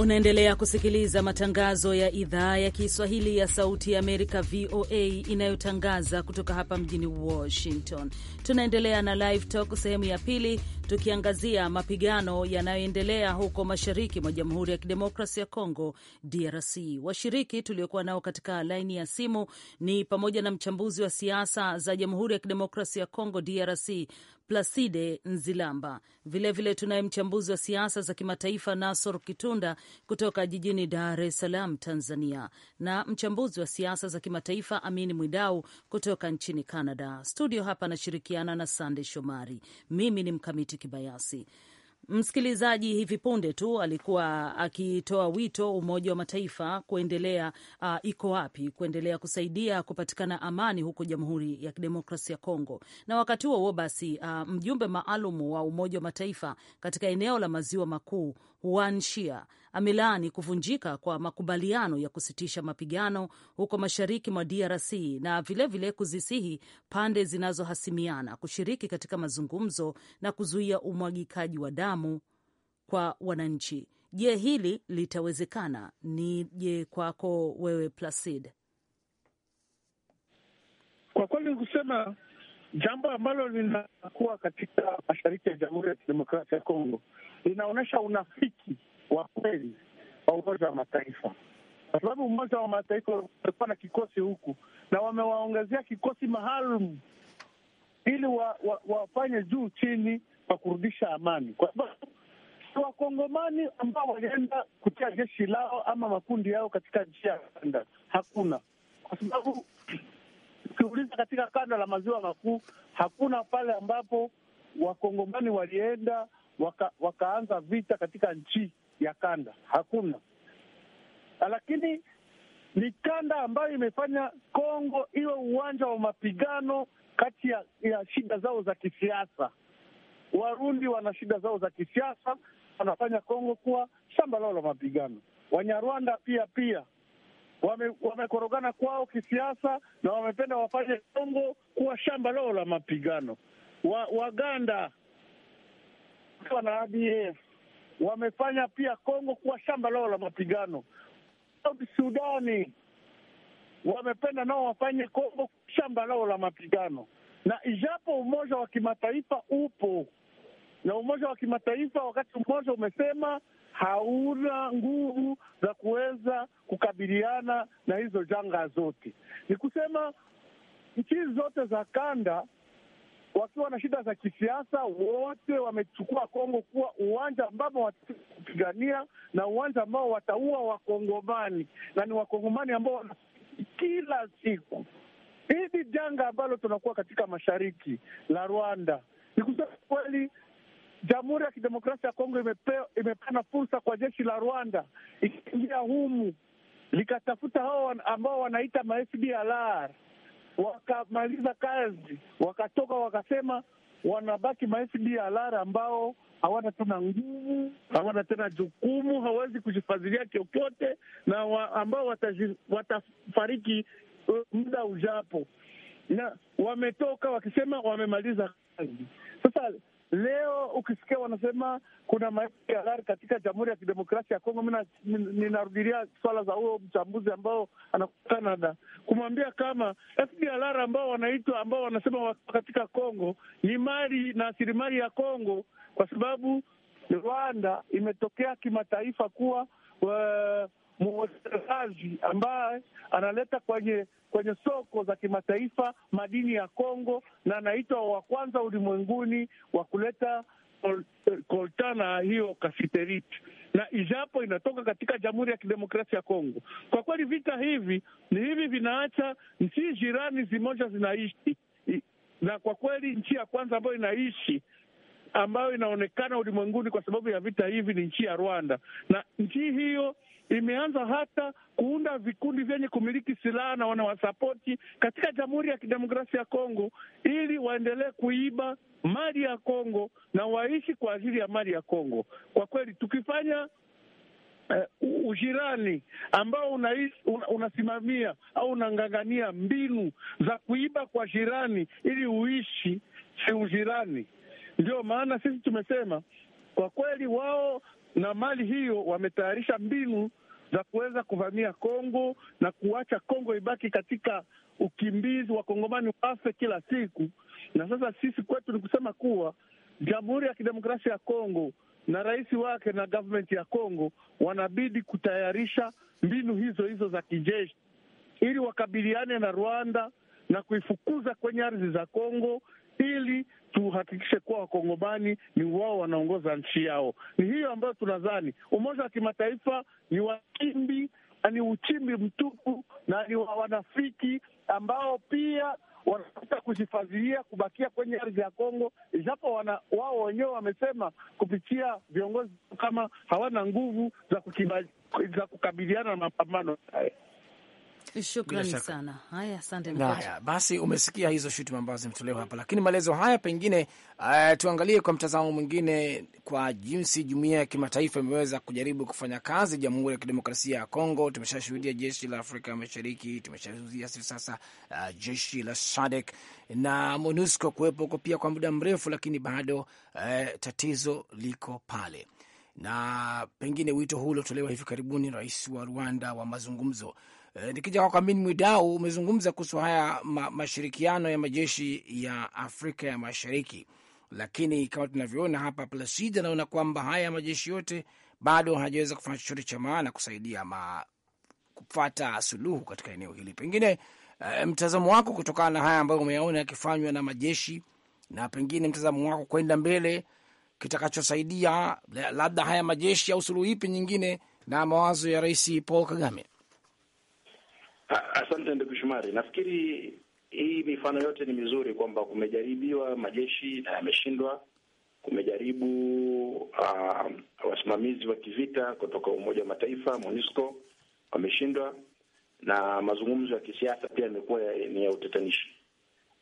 Unaendelea kusikiliza matangazo ya idhaa ya Kiswahili ya Sauti ya Amerika, VOA, inayotangaza kutoka hapa mjini Washington. Tunaendelea na Live Talk sehemu ya pili, tukiangazia mapigano yanayoendelea huko mashariki mwa Jamhuri ya Kidemokrasi ya Kongo, DRC. Washiriki tuliokuwa nao katika laini ya simu ni pamoja na mchambuzi wa siasa za Jamhuri ya Kidemokrasi ya Kongo, DRC, Placide Nzilamba. Vilevile tunaye mchambuzi wa siasa za kimataifa Nasor Kitunda kutoka jijini Dar es Salaam, Tanzania, na mchambuzi wa siasa za kimataifa Amini Mwidau kutoka nchini Canada. Studio hapa anashirikiana na Sande Shomari. Mimi ni Mkamiti Kibayasi. Msikilizaji, hivi punde tu alikuwa akitoa wito Umoja wa Mataifa kuendelea uh, iko wapi, kuendelea kusaidia kupatikana amani huko Jamhuri ya Kidemokrasia ya Kongo. Na wakati huo huo basi, uh, mjumbe maalum wa Umoja wa Mataifa katika eneo la Maziwa Makuu Huan Shia amelaani kuvunjika kwa makubaliano ya kusitisha mapigano huko mashariki mwa DRC na vilevile vile kuzisihi pande zinazohasimiana kushiriki katika mazungumzo na kuzuia umwagikaji wa damu kwa wananchi. Je, hili litawezekana? Ni je kwako wewe Placid? Kwa kweli kusema jambo ambalo linakuwa katika mashariki ya Jamhuri ya Kidemokrasia ya Kongo linaonyesha unafiki wa kweli wa Umoja wa Mataifa, kwa sababu Umoja wa Mataifa umekuwa na kikosi huku na wamewaongezea kikosi maalum ili wa, wa, wafanye juu chini kwa kurudisha amani, kwa sababu Wakongomani ambao walienda kutia jeshi lao ama makundi yao katika nchi ya kanda. hakuna, kwa sababu ukiuliza katika kanda la maziwa makuu hakuna pale ambapo wakongomani walienda waka, wakaanza vita katika nchi ya kanda hakuna, ah, lakini ni kanda ambayo imefanya Kongo iwe uwanja wa mapigano kati ya, ya shida zao za kisiasa. Warundi wana shida zao za kisiasa, wanafanya Kongo kuwa shamba lao la mapigano. Wanyarwanda pia pia wamekorogana wame kwao kisiasa na wamependa wafanye Kongo kuwa shamba lao la mapigano. Waganda wa wana ADF wamefanya pia Kongo kuwa shamba lao la mapigano. Sudani wamependa nao wafanye Kongo shamba lao la mapigano, na ijapo umoja wa kimataifa upo na umoja wa kimataifa, wakati mmoja umesema hauna nguvu za kuweza kukabiliana na hizo janga zote, ni kusema nchi zote za kanda wakiwa na shida za kisiasa, wote wamechukua Kongo kuwa uwanja ambao watapigania na uwanja ambao wataua Wakongomani, na ni Wakongomani ambao wana kila siku hili janga ambalo tunakuwa katika mashariki la Rwanda. Ni kusema kweli, Jamhuri ya Kidemokrasia ya Kongo imepana fursa kwa jeshi la Rwanda ikiingia humu likatafuta hao ambao wanaita ma FDLR wakamaliza kazi, wakatoka wakasema wanabaki ma-FDLR ambao hawana tena nguvu, hawana tena jukumu, hawezi kujifadhilia chochote na wa, ambao wataji, watafariki uh, muda ujapo, na wametoka wakisema wamemaliza kazi. Sasa Leo ukisikia wanasema kuna maisha ya gari katika Jamhuri ya Kidemokrasia ya Kongo, mi ninarudilia swala za huyo mchambuzi ambao anakuwa Canada kumwambia kama FDLR ambao wanaitwa ambao wanasema wako katika Kongo ni mali na asilimali ya Kongo, kwa sababu Rwanda imetokea kimataifa kuwa eh, mwekezaji ambaye analeta kwenye kwenye soko za kimataifa madini ya Kongo, na anaitwa wa kwanza ulimwenguni wa kuleta koltana hiyo kasiteriti na ijapo inatoka katika Jamhuri ya Kidemokrasia ya Kongo. Kwa kweli vita hivi ni hivi vinaacha nchi jirani zimoja zinaishi, na kwa kweli nchi ya kwanza ambayo inaishi ambayo inaonekana ulimwenguni kwa sababu ya vita hivi ni nchi ya Rwanda, na nchi hiyo imeanza hata kuunda vikundi vyenye kumiliki silaha na wanawasapoti katika Jamhuri ya Kidemokrasia ya Kongo ili waendelee kuiba mali ya Kongo na waishi kwa ajili ya mali ya Kongo. Kwa kweli tukifanya Uh, ujirani ambao unais, una, unasimamia au unang'ang'ania mbinu za kuiba kwa jirani ili uishi, si ujirani. Ndio maana sisi tumesema kwa kweli, wao na mali hiyo wametayarisha mbinu za kuweza kuvamia Kongo na kuacha Kongo ibaki katika ukimbizi, wakongomani wafe kila siku. Na sasa sisi kwetu ni kusema kuwa Jamhuri ya Kidemokrasia ya Kongo na rais wake na government ya Kongo wanabidi kutayarisha mbinu hizo hizo za kijeshi ili wakabiliane na Rwanda na kuifukuza kwenye ardhi za Kongo ili tuhakikishe kuwa wakongomani ni wao wanaongoza nchi yao. Ni hiyo ambayo tunadhani umoja wa kimataifa ni wachimbi na ni uchimbi mtupu na ni wa wanafiki ambao pia wanataka kujifadhilia kubakia kwenye ardhi ya Kongo, ijapo wana wao wenyewe wamesema kupitia viongozi kama hawana nguvu za, za kukabiliana na mapambano haya. Shukrani sana. Haya, asante haya basi, umesikia hizo shutuma ambazo zimetolewa hapa, lakini maelezo haya pengine, uh, tuangalie kwa mtazamo mwingine kwa jinsi jumuiya ya kimataifa imeweza kujaribu kufanya kazi Jamhuri ya Kidemokrasia ya Kongo. Tumeshashuhudia jeshi la Afrika Mashariki, tumeshashuhudia sasa uh, jeshi la SADC na MONUSCO kuwepo huko pia kwa muda mrefu, lakini bado uh, tatizo liko pale na pengine wito huu uliotolewa hivi karibuni, rais wa Rwanda wa mazungumzo Eh, nikija kwako Amin Mwidau, umezungumza kuhusu haya ma, mashirikiano ya majeshi ya Afrika ya Mashariki, lakini kama tunavyoona hapa, Plasid anaona kwamba haya majeshi yote bado hajaweza kufanya chochote cha maana kusaidia ma, kupata suluhu katika eneo hili. Pengine e, mtazamo wako kutokana na haya ambayo umeyaona yakifanywa na majeshi na pengine mtazamo wako kwenda mbele kitakachosaidia labda haya majeshi au suluhu ipi nyingine na mawazo ya Rais Paul Kagame. Asante ndugu Shumari, nafikiri hii mifano yote ni mizuri kwamba kumejaribiwa majeshi na yameshindwa, kumejaribu uh, wasimamizi wa kivita kutoka Umoja wa Mataifa MONUSCO wameshindwa, na mazungumzo ya kisiasa pia yamekuwa ni ya utatanishi.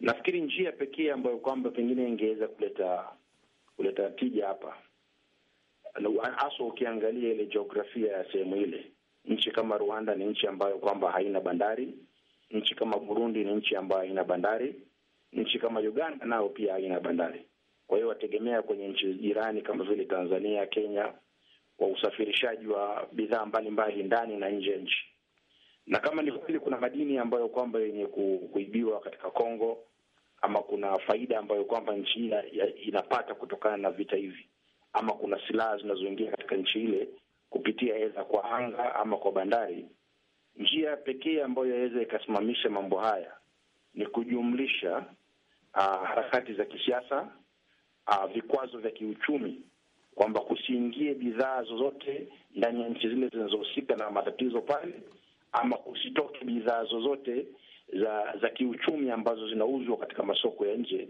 Nafikiri njia pekee ambayo kwamba pengine ingeweza kuleta kuleta tija hapa, haswa ukiangalia ile jiografia ya sehemu ile Nchi kama Rwanda ni nchi ambayo kwamba haina bandari. Nchi kama Burundi ni nchi ambayo haina bandari. Nchi kama Uganda nao pia haina bandari. Kwa hiyo wategemea kwenye nchi jirani kama vile Tanzania, Kenya kwa usafirishaji wa bidhaa mbalimbali ndani na nje ya nchi. Na kama ni kweli kuna madini ambayo kwamba yenye kuibiwa katika Kongo ama kuna faida ambayo kwamba nchi hii inapata kutokana na vita hivi ama kuna silaha zinazoingia katika nchi ile kupitia eza kwa anga ama kwa bandari. Njia pekee ambayo yaweza ikasimamisha mambo haya ni kujumlisha uh, harakati za kisiasa uh, vikwazo vya kiuchumi, kwamba kusiingie bidhaa zozote ndani ya nchi zile zinazohusika na matatizo pale, ama kusitoke bidhaa zozote za za kiuchumi ambazo zinauzwa katika masoko ya nje.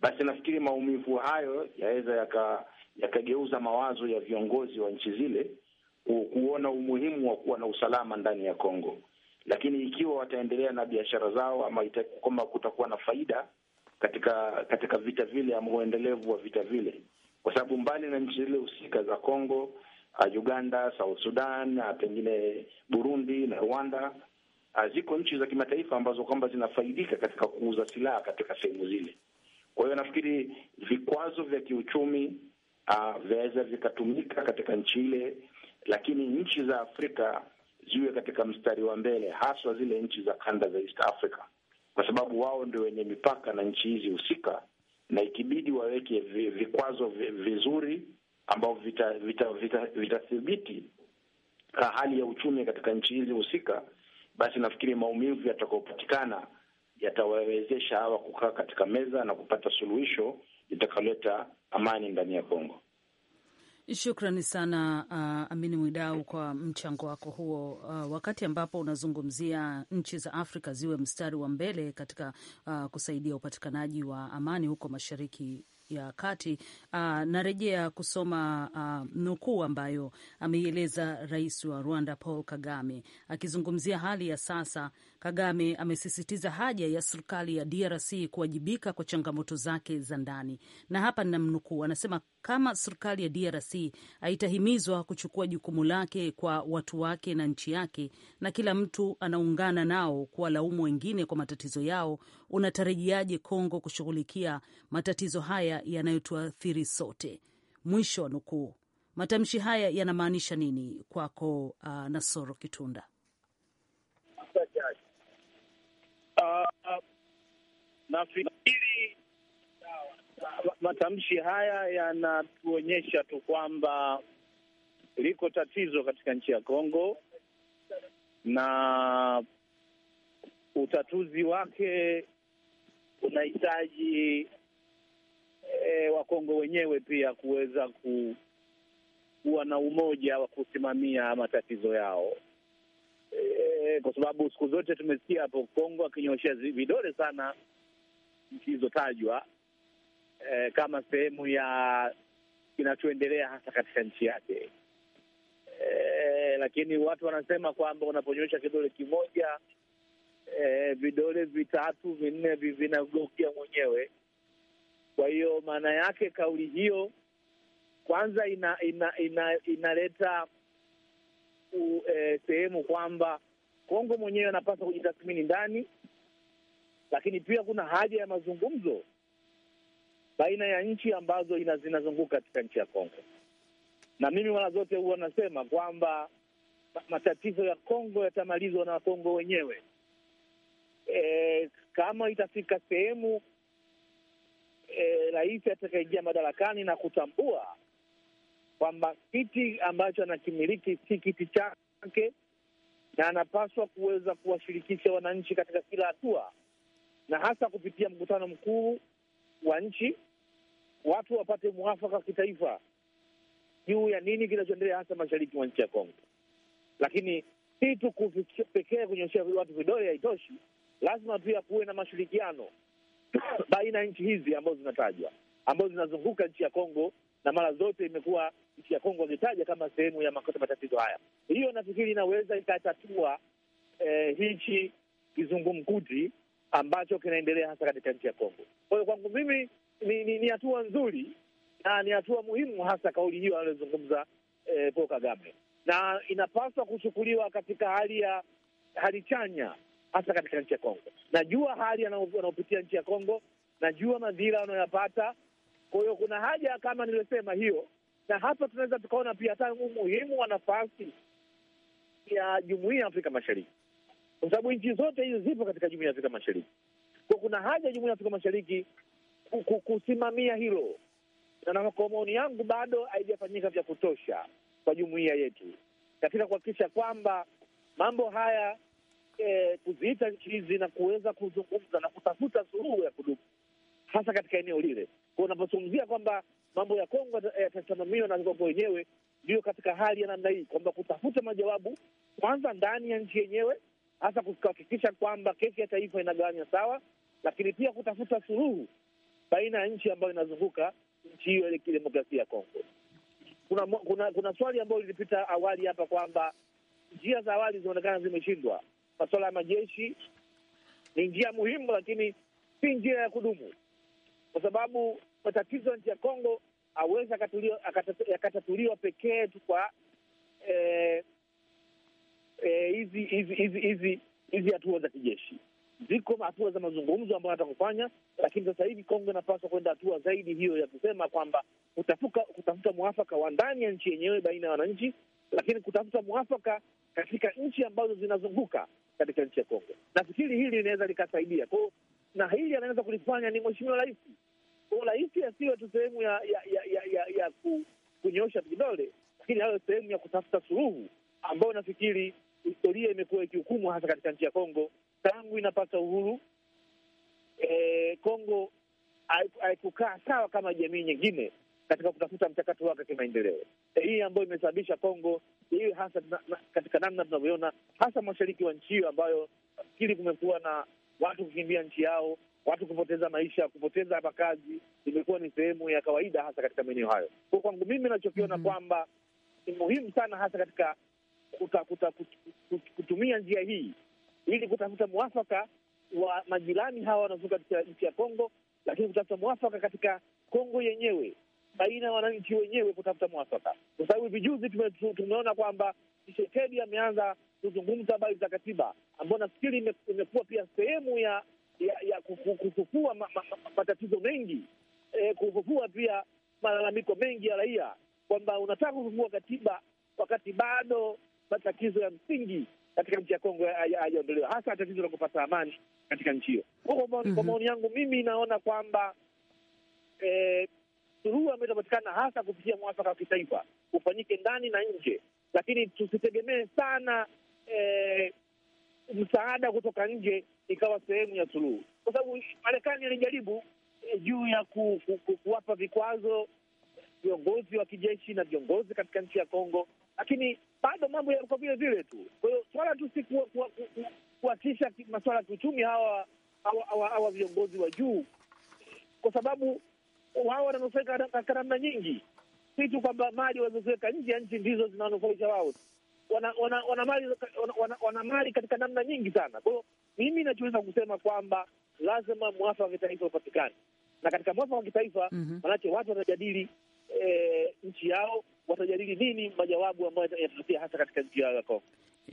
Basi nafikiri maumivu hayo yaweza yakageuza yaka mawazo ya viongozi wa nchi zile kuona umuhimu wa kuwa na usalama ndani ya Kongo, lakini ikiwa wataendelea na biashara zao ama kwamba kutakuwa na faida katika katika vita vile ama uendelevu wa vita vile, kwa sababu mbali na nchi zile husika za Kongo, Uganda, South Sudan, pengine Burundi na Rwanda, ziko nchi za kimataifa ambazo kwamba zinafaidika katika kuuza silaha katika sehemu zile. Kwa hiyo nafikiri vikwazo vya kiuchumi vyaweza vikatumika katika nchi ile lakini nchi za Afrika ziwe katika mstari wa mbele, haswa zile nchi za kanda za East Africa, kwa sababu wao ndio wenye mipaka na nchi hizi husika, na ikibidi waweke vikwazo vizuri ambavyo vitathibiti vita, vita, vita ah, hali ya uchumi katika nchi hizi husika, basi nafikiri maumivu yatakayopatikana yatawawezesha hawa kukaa katika meza na kupata suluhisho litakaleta amani ndani ya Kongo. Shukrani sana uh, Amini Mwidau kwa mchango wako huo. Uh, wakati ambapo unazungumzia nchi za Afrika ziwe mstari wa mbele katika uh, kusaidia upatikanaji wa amani huko mashariki ya Kati. Uh, narejea kusoma uh, nukuu ambayo ameieleza rais wa Rwanda Paul Kagame akizungumzia hali ya sasa. Kagame amesisitiza haja ya serikali ya DRC kuwajibika kwa changamoto zake za ndani, na hapa ninamnukuu, anasema kama serikali ya DRC haitahimizwa kuchukua jukumu lake kwa watu wake na nchi yake, na kila mtu anaungana nao kuwalaumu wengine kwa matatizo yao, unatarajiaje Kongo kushughulikia matatizo haya yanayotuathiri sote? Mwisho wa nukuu. Matamshi haya yanamaanisha nini kwako, uh, Nasoro Kitunda? Uh, nafikiri matamshi haya yanatuonyesha tu kwamba liko tatizo katika nchi ya Kongo na utatuzi wake unahitaji e, Wakongo wenyewe pia kuweza ku, kuwa na umoja wa kusimamia matatizo yao e, kwa sababu siku zote tumesikia hapo Kongo akinyoshea vidole sana nchi hizotajwa e, eh, kama sehemu ya kinachoendelea hasa katika nchi yake e, lakini watu wanasema kwamba unaponyosha kidole kimoja eh, vidole vitatu vinne vinagokia mwenyewe. Kwa hiyo maana yake kauli hiyo kwanza ina, ina, ina, inaleta eh, sehemu kwamba Kongo mwenyewe anapaswa kujitathmini ndani, lakini pia kuna haja ya mazungumzo baina ya nchi ambazo zinazunguka katika nchi ya Kongo. Na mimi mara zote huwa nasema kwamba matatizo ya Kongo yatamalizwa na Wakongo wenyewe e, kama itafika sehemu eh, rais atakaingia madarakani na kutambua kwamba kiti ambacho anakimiliki si kiti chake, na anapaswa kuweza kuwashirikisha wananchi katika kila hatua, na hasa kupitia mkutano mkuu wa nchi, watu wapate mwafaka wa kitaifa juu ya nini kinachoendelea hasa mashariki mwa nchi ya Kongo. Lakini si tu pekee kunyoshea watu vidole haitoshi, lazima pia kuwe na mashirikiano baina ya nchi hizi ambazo zinatajwa ambazo zinazunguka nchi ya Kongo, na mara zote imekuwa nchi ya Kongo akitaja kama sehemu ya matatizo haya. Hiyo nafikiri inaweza ikatatua eh, hichi kizungumkuti ambacho kinaendelea hasa katika nchi ya Kongo. Kwa hiyo kwangu mimi ni, ni, ni hatua nzuri na ni hatua muhimu, hasa kauli hiyo aliyozungumza eh, Paul Kagame, na inapaswa kuchukuliwa katika hali ya hali chanya hasa katika nchi ya Kongo. Najua hali anaopitia nchi ya Kongo, najua madhira anayoyapata. Kwa hiyo kuna haja kama nilivyosema hiyo, na hapa tunaweza tukaona pia hata umuhimu wa nafasi ya jumuiya ya Afrika Mashariki, kwa sababu nchi zote hizi zipo katika jumuiya ya Afrika Mashariki. Kwa kuna haja ya jumuiya ya Afrika Mashariki kusimamia hilo, na kwa maoni yangu bado haijafanyika vya kutosha kwa jumuiya yetu katika kuhakikisha kwamba mambo haya eh, kuziita nchi hizi na kuweza kuzungumza na kutafuta suluhu ya kudumu hasa katika eneo lile. Kwa unapozungumzia kwamba mambo ya Kongo yatasimamiwa eh, na Kongo wenyewe, ndiyo katika hali ya namna hii kwamba kutafuta majawabu kwanza ndani ya nchi yenyewe, hasa kuhakikisha kwamba keki ya taifa inagawanywa sawa, lakini pia kutafuta suluhu baina ya nchi ambayo inazunguka nchi hiyo ya kidemokrasia ya Kongo. Kuna, kuna, kuna swali ambayo lilipita awali hapa kwamba njia za awali zinaonekana zimeshindwa masuala ya majeshi ni njia muhimu, lakini si njia ya kudumu, kwa sababu matatizo ya nchi ya Kongo aweza akatatuliwa pekee tu kwa eh, eh, hizi hizi hizi hatua za kijeshi. Ziko hatua za mazungumzo ambayo kufanya, lakini sasa hivi Kongo inapaswa kwenda hatua zaidi hiyo ya kusema kwamba kutafuta mwafaka wa ndani ya nchi yenyewe baina ya wananchi lakini kutafuta mwafaka katika nchi ambazo zinazunguka katika nchi ya Kongo. Nafikiri hili linaweza likasaidia kwao, na hili anaweza kulifanya ni mheshimiwa rais. Kwao rais asiwe tu sehemu ya ya, ya, ya, ya, ya ku, kunyoosha vidole, lakini awe sehemu ya kutafuta suluhu ambayo nafikiri historia imekuwa ikihukumu hasa katika nchi ya Kongo tangu inapata uhuru. E, Kongo haikukaa sawa kama jamii nyingine katika kutafuta mchakato wake kimaendeleo, e, hii ambayo imesababisha Kongo hii hasa na, na, katika namna tunavyoona hasa mashariki wa nchi hiyo ambayo kili kumekuwa na watu kukimbia nchi yao, watu kupoteza maisha, kupoteza makazi, imekuwa ni sehemu ya kawaida hasa katika maeneo hayo. Kwa kwangu mimi nachokiona mm -hmm. kwamba ni muhimu sana hasa katika kuta, kuta, kut, kutumia njia hii ili kutafuta mwafaka wa majirani hawa wanazunguka katika nchi ya Kongo, lakini kutafuta mwafaka katika Kongo yenyewe baina ya wananchi wenyewe kutafuta mwafaka, kwa sababu hivi juzi tumeona kwamba Tshisekedi ameanza kuzungumza habari za katiba ambayo nafikiri imekuwa pia sehemu ya ya, ya kufufua ma, ma, ma, matatizo mengi e, kufufua pia malalamiko mengi ya raia kwamba unataka kufufua katiba wakati bado matatizo ya msingi katika nchi ya Kongo hayaondolewa, hasa tatizo la kupata amani katika nchi hiyo. Kwa mhm. maoni yangu mimi naona kwamba eh, suluhu ambayo itapatikana hasa kupitia mwafaka wa kitaifa ufanyike ndani na nje, lakini tusitegemee sana e, msaada kutoka nje ikawa sehemu ya suluhu, kwa sababu Marekani alijaribu e, juu ya ku, ku, ku, kuwapa vikwazo viongozi wa kijeshi na viongozi katika nchi ya Kongo, lakini bado mambo yalikuwa vile vile tu. Kwa hiyo swala tu si kuwatisha masuala ya kiuchumi hawa hawa viongozi wa juu, kwa sababu wao wananufaika katika namna nyingi, si tu kwamba mali wanazoziweka nje ya nchi ndizo zinanufaisha wao. Wana, wana, wana mali wana, wana mali katika namna nyingi sana. Kwa hiyo mimi nachoweza kusema kwamba lazima mwafaka wa kitaifa upatikane, na katika mwafaka wa kitaifa mm -hmm. Manake watu watajadili e, nchi yao watajadili nini, majawabu ambayo yatafikia hasa katika nchi yao ya Kongo.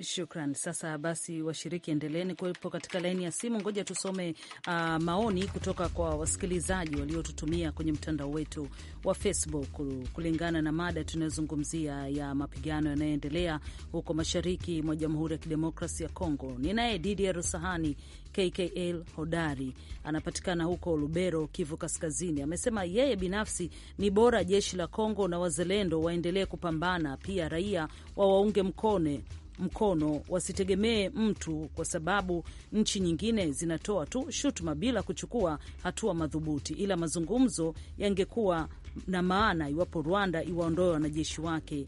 Shukran. Sasa basi, washiriki endeleeni kuwepo katika laini ya simu. Ngoja tusome uh, maoni kutoka kwa wasikilizaji waliotutumia kwenye mtandao wetu wa Facebook kulingana na mada tunayozungumzia ya mapigano yanayoendelea huko mashariki mwa Jamhuri ya Kidemokrasi ya congo Ni naye Didier Sahani KKL Hodari, anapatikana huko Lubero, Kivu Kaskazini. Amesema yeye binafsi ni bora jeshi la congo na wazalendo waendelee kupambana, pia raia wawaunge mkono mkono, wasitegemee mtu, kwa sababu nchi nyingine zinatoa tu shutuma bila kuchukua hatua madhubuti, ila mazungumzo yangekuwa na maana iwapo Rwanda iwaondoe wanajeshi wake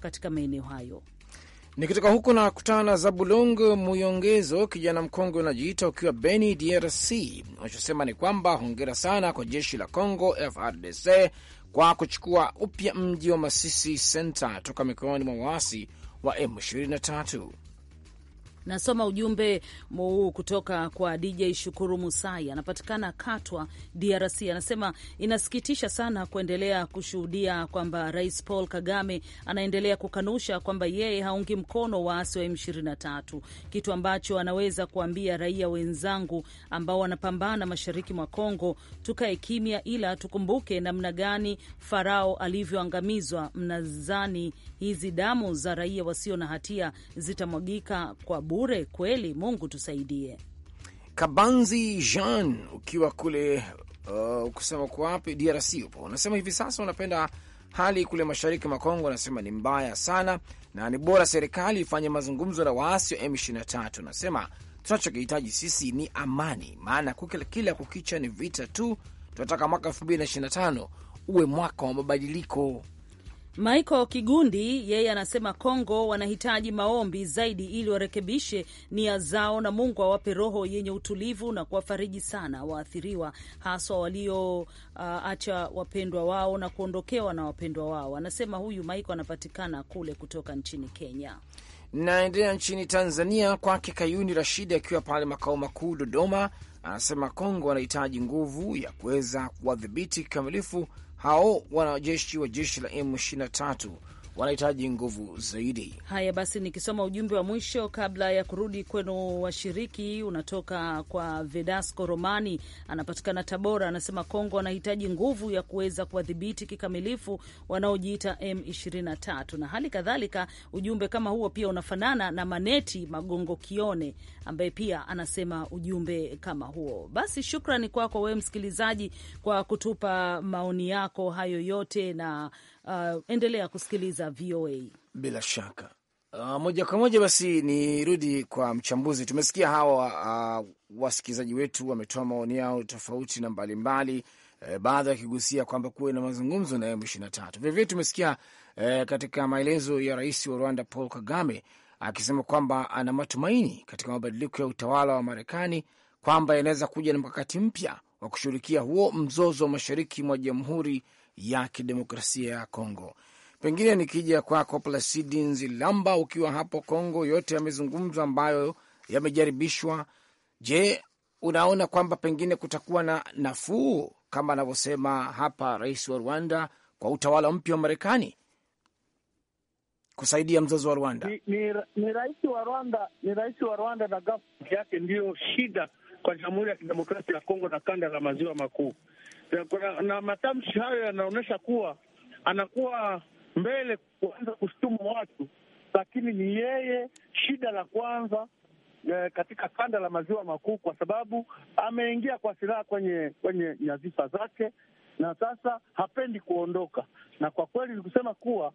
katika maeneo hayo. Nikitoka huko na kutana na Zabulong Muyongezo, kijana mkongwe unajiita ukiwa Beni, DRC. Unachosema ni kwamba hongera sana kwa jeshi la Congo FRDC kwa kuchukua upya mji wa Masisi Center toka mikononi mwa waasi wa M23. Nasoma ujumbe huu kutoka kwa DJ Shukuru Musai, anapatikana Katwa, DRC. Anasema inasikitisha sana kuendelea kushuhudia kwamba Rais Paul Kagame anaendelea kukanusha kwamba yeye haungi mkono waasi wa M23, kitu ambacho anaweza kuambia raia wenzangu ambao wanapambana mashariki mwa Kongo, tukae kimya, ila tukumbuke namna gani Farao alivyoangamizwa. Mnadhani hizi damu za raia wasio na hatia zitamwagika kwa bure kweli? Mungu tusaidie. Kabanzi Jean ukiwa kule uh, kusema kwa wapi DRC upo, unasema hivi sasa unapenda hali kule mashariki mwa Kongo, anasema ni mbaya sana na ni bora serikali ifanye mazungumzo na waasi wa M23. Anasema tunachokihitaji sisi ni amani, maana kila kukicha ni vita tu. Tunataka mwaka 2025 uwe mwaka wa mabadiliko. Michael Kigundi yeye anasema Kongo wanahitaji maombi zaidi ili warekebishe nia zao na Mungu awape roho yenye utulivu na kuwafariji sana waathiriwa, haswa walioacha uh, wapendwa wao na kuondokewa na wapendwa wao. Anasema huyu Michael anapatikana kule kutoka nchini Kenya. Naendelea nchini Tanzania kwake Kayuni Rashidi akiwa pale makao makuu Dodoma, anasema Kongo wanahitaji nguvu ya kuweza kuwadhibiti kikamilifu hao wanajeshi wa jeshi la M23 wanahitaji nguvu zaidi. Haya basi, nikisoma ujumbe wa mwisho kabla ya kurudi kwenu washiriki, unatoka kwa Vedasco Romani, anapatikana Tabora, anasema Kongo anahitaji nguvu ya kuweza kuwadhibiti kikamilifu wanaojiita M23, na hali kadhalika ujumbe kama huo pia unafanana na Maneti Magongo Kione ambaye pia anasema ujumbe kama huo. Basi shukrani kwako wewe msikilizaji kwa kutupa maoni yako hayo yote na Uh, endelea kusikiliza VOA bila shaka. Uh, moja kwa moja basi nirudi kwa mchambuzi. Tumesikia hawa uh, wasikilizaji wetu wametoa maoni yao tofauti na mbalimbali uh, baadhi wakigusia kwamba kuwe na mazungumzo na M23. Vilevile tumesikia uh, katika maelezo ya rais wa Rwanda Paul Kagame akisema kwamba ana matumaini katika mabadiliko ya utawala wa Marekani kwamba inaweza kuja na mkakati mpya wa kushughulikia huo mzozo wa mashariki mwa jamhuri ya kidemokrasia ya Kongo. Pengine nikija kwako Plasidi Nzilamba, ukiwa hapo Kongo, yote yamezungumzwa ambayo yamejaribishwa. Je, unaona kwamba pengine kutakuwa na nafuu kama anavyosema hapa rais wa Rwanda kwa utawala mpya wa Marekani kusaidia mzozo wa Rwanda? Ni, ni, ni rais wa Rwanda, ni rais wa Rwanda na gafu yake ndiyo shida kwa Jamhuri ya Kidemokrasia ya Kongo na kanda la maziwa makuu na matamshi hayo yanaonyesha kuwa anakuwa mbele kuanza kushtumu watu, lakini ni yeye shida la kwanza e, katika kanda la maziwa makuu, kwa sababu ameingia kwa silaha kwenye kwenye nyadhifa zake, na sasa hapendi kuondoka. Na kwa kweli ni kusema kuwa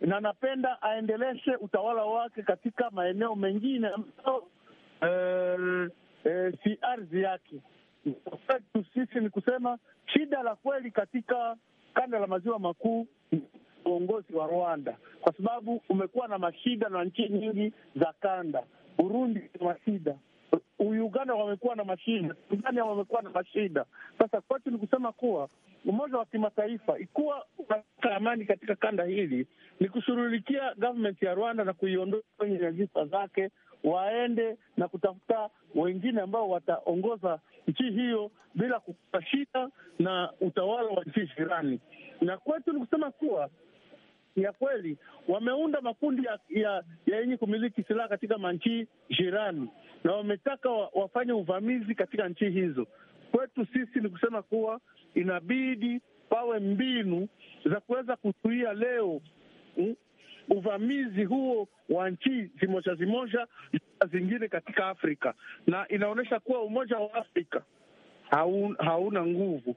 na napenda aendeleshe utawala wake katika maeneo mengine ambayo e, e, si ardhi yake kwetu sisi ni kusema shida la kweli katika kanda la maziwa makuu uongozi wa Rwanda, kwa sababu umekuwa na mashida na nchi nyingi za kanda. Burundi na mashida, Uganda wamekuwa na mashida, Tanzania wamekuwa na mashida. Sasa kwetu ni kusema kuwa Umoja wa Kimataifa ikuwa unataka amani katika kanda hili, ni kushughulikia government ya Rwanda na kuiondoa kwenye nyajifa zake, waende na kutafuta wengine ambao wataongoza nchi hiyo bila kupata shida na utawala wa nchi jirani. Na kwetu ni kusema kuwa ya kweli wameunda makundi ya yenye kumiliki silaha katika manchi jirani na wametaka wa, wafanye uvamizi katika nchi hizo. Kwetu sisi ni kusema kuwa inabidi pawe mbinu za kuweza kuzuia leo hmm, uvamizi huo wa nchi zimoja zimoja zingine katika Afrika, na inaonyesha kuwa Umoja wa Afrika haun, hauna nguvu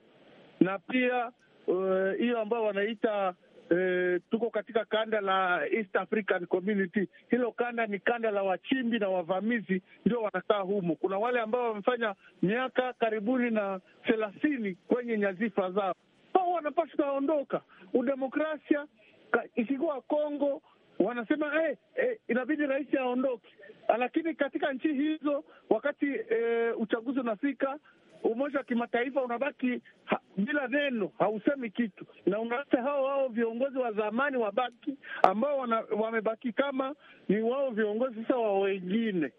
na pia eh, hiyo uh, ambayo wanaita uh, tuko katika kanda la East African Community. Hilo kanda ni kanda la wachimbi na wavamizi, ndio wanakaa humo. Kuna wale ambao wamefanya miaka karibuni na thelathini kwenye nyazifa zao, hao wanapaswa Udemokrasia ikikuwa Kongo wanasema eh, eh, inabidi rais aondoke, ah, lakini katika nchi hizo wakati eh, uchaguzi unafika Umoja wa Kimataifa unabaki ha, bila neno, hausemi kitu, na unaacha hao wao viongozi wa zamani wabaki, ambao wana, wamebaki kama ni wao viongozi sasa wa wengine,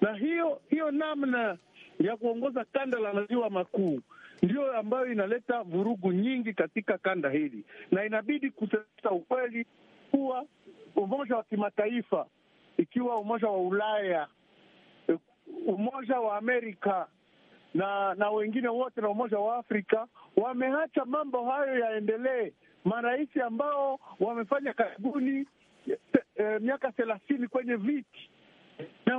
na hiyo hiyo namna ya kuongoza kanda la maziwa makuu ndiyo ambayo inaleta vurugu nyingi katika kanda hili, na inabidi kusema ukweli kuwa umoja wa kimataifa, ikiwa umoja wa Ulaya, umoja wa Amerika na na wengine wote na umoja wa Afrika wameacha mambo hayo yaendelee. Marais ambao wamefanya karibuni e, miaka thelathini kwenye viti na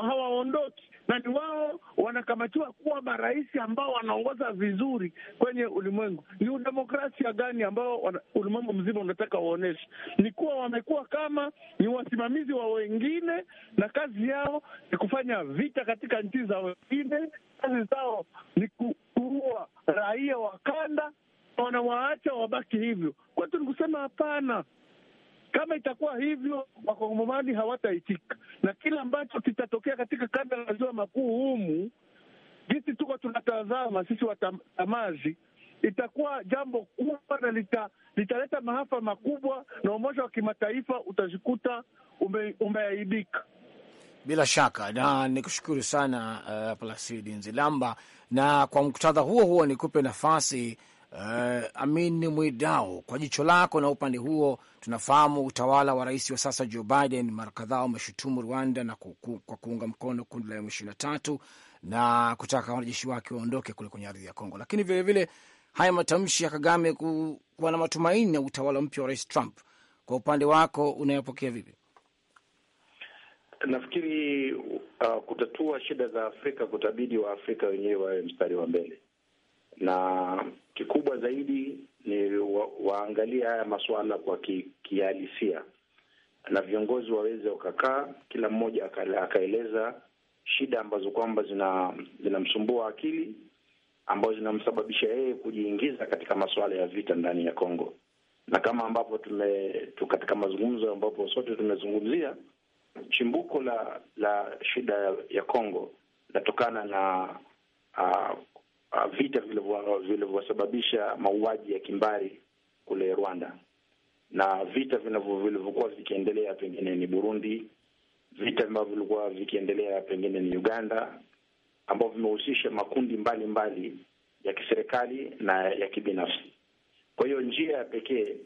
hawaondoki na ni wao wanakamatiwa kuwa marais ambao wanaongoza vizuri kwenye ulimwengu. Ni udemokrasia gani ambao ulimwengu mzima unataka waonyeshe? Ni kuwa wamekuwa kama ni wasimamizi wa wengine, na kazi yao ni kufanya vita katika nchi za wengine. Kazi zao ni kuua raia wa kanda, wanawaacha wabaki hivyo. Kwetu ni kusema hapana. Kama itakuwa hivyo, wakongomani hawataitika, na kila ambacho kitatokea katika kanda la maziwa makuu humu, jinsi tuko tunatazama sisi watamazi itakuwa jambo kubwa na lita, litaleta maafa makubwa, na umoja wa kimataifa utajikuta ume, umeaibika. Bila shaka na nikushukuru sana uh, Plasidi Nzilamba, na kwa muktadha huo huo nikupe nafasi uh, Amin Mwidau, kwa jicho lako na upande huo, tunafahamu utawala wa rais wa sasa Joe Biden mara kadhaa umeshutumu Rwanda na kuku, kwa kuunga mkono kundi la M23 na kutaka wanajeshi wake waondoke kule kwenye ardhi ya Kongo, lakini vilevile vile, haya matamshi ya Kagame kuwa na matumaini na utawala mpya wa rais Trump, kwa upande wako unayopokea vipi? Nafikiri uh, kutatua shida za Afrika kutabidi wa afrika wenyewe wawe mstari wa mbele na kikubwa zaidi ni wa, waangalie haya masuala kwa kihalisia ki na viongozi waweze wakakaa, kila mmoja akaeleza shida ambazo kwamba zinamsumbua zina akili ambazo zinamsababisha yeye kujiingiza katika masuala ya vita ndani ya Kongo, na kama ambapo tume katika mazungumzo ambapo sote tumezungumzia chimbuko la la shida ya Kongo natokana na uh, uh, vita vilivyosababisha mauaji ya kimbari kule Rwanda na vita vilivyokuwa vikiendelea pengine ni Burundi, vita ambavyo vilikuwa vikiendelea pengine ni Uganda, ambavyo vimehusisha makundi mbalimbali mbali ya kiserikali na ya kibinafsi. Kwa hiyo njia ya pekee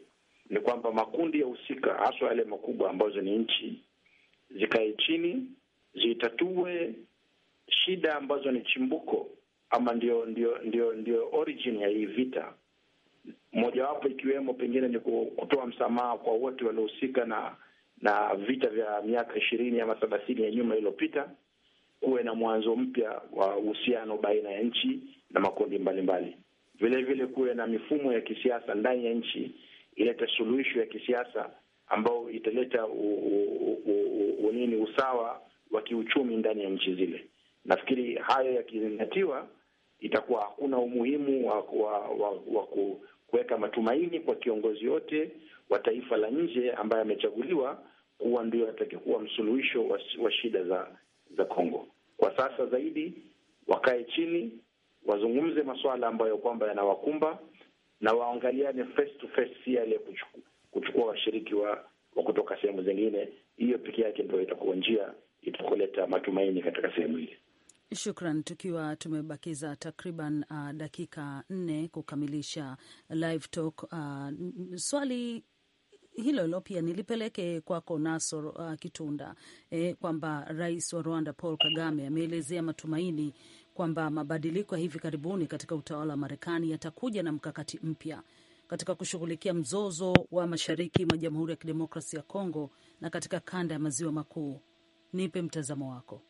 ni kwamba makundi ya husika haswa yale makubwa ambazo ni nchi zikae chini zitatue shida ambazo ni chimbuko ama ndio ndio ndio ndio origin ya hii vita, mojawapo ikiwemo pengine ni kutoa msamaha kwa wote waliohusika na na vita vya miaka ishirini ama thelathini ya nyuma iliyopita, kuwe na mwanzo mpya wa uhusiano baina ya nchi na makundi mbalimbali. Vile vile kuwe na mifumo ya kisiasa ndani ya nchi ilete suluhisho ya kisiasa ambayo italeta unini usawa wa kiuchumi ndani ya nchi zile. Nafikiri hayo yakizingatiwa, itakuwa hakuna umuhimu wa, wa, wa, wa kuweka matumaini kwa kiongozi yote wa taifa la nje ambaye amechaguliwa kuwa ndio atakayekuwa msuluhisho wa, wa shida za za Kongo. Kwa sasa zaidi wakae chini, wazungumze masuala ambayo kwamba yanawakumba na waangaliane face to face, si yale kuchukua, washiriki wa, wa kutoka sehemu zingine. Hiyo peke yake ndio itakuwa njia itakuleta matumaini katika sehemu hili. Shukran. Tukiwa tumebakiza takriban uh, dakika nne kukamilisha live talk uh, swali hilo hilo pia nilipeleke kwako Nasor uh, Kitunda e, kwamba rais wa Rwanda Paul Kagame ameelezea matumaini kwamba mabadiliko ya hivi karibuni katika utawala wa Marekani yatakuja na mkakati mpya katika kushughulikia mzozo wa mashariki mwa Jamhuri ya Kidemokrasia ya Kongo na katika kanda ya maziwa makuu. Nipe mtazamo wako.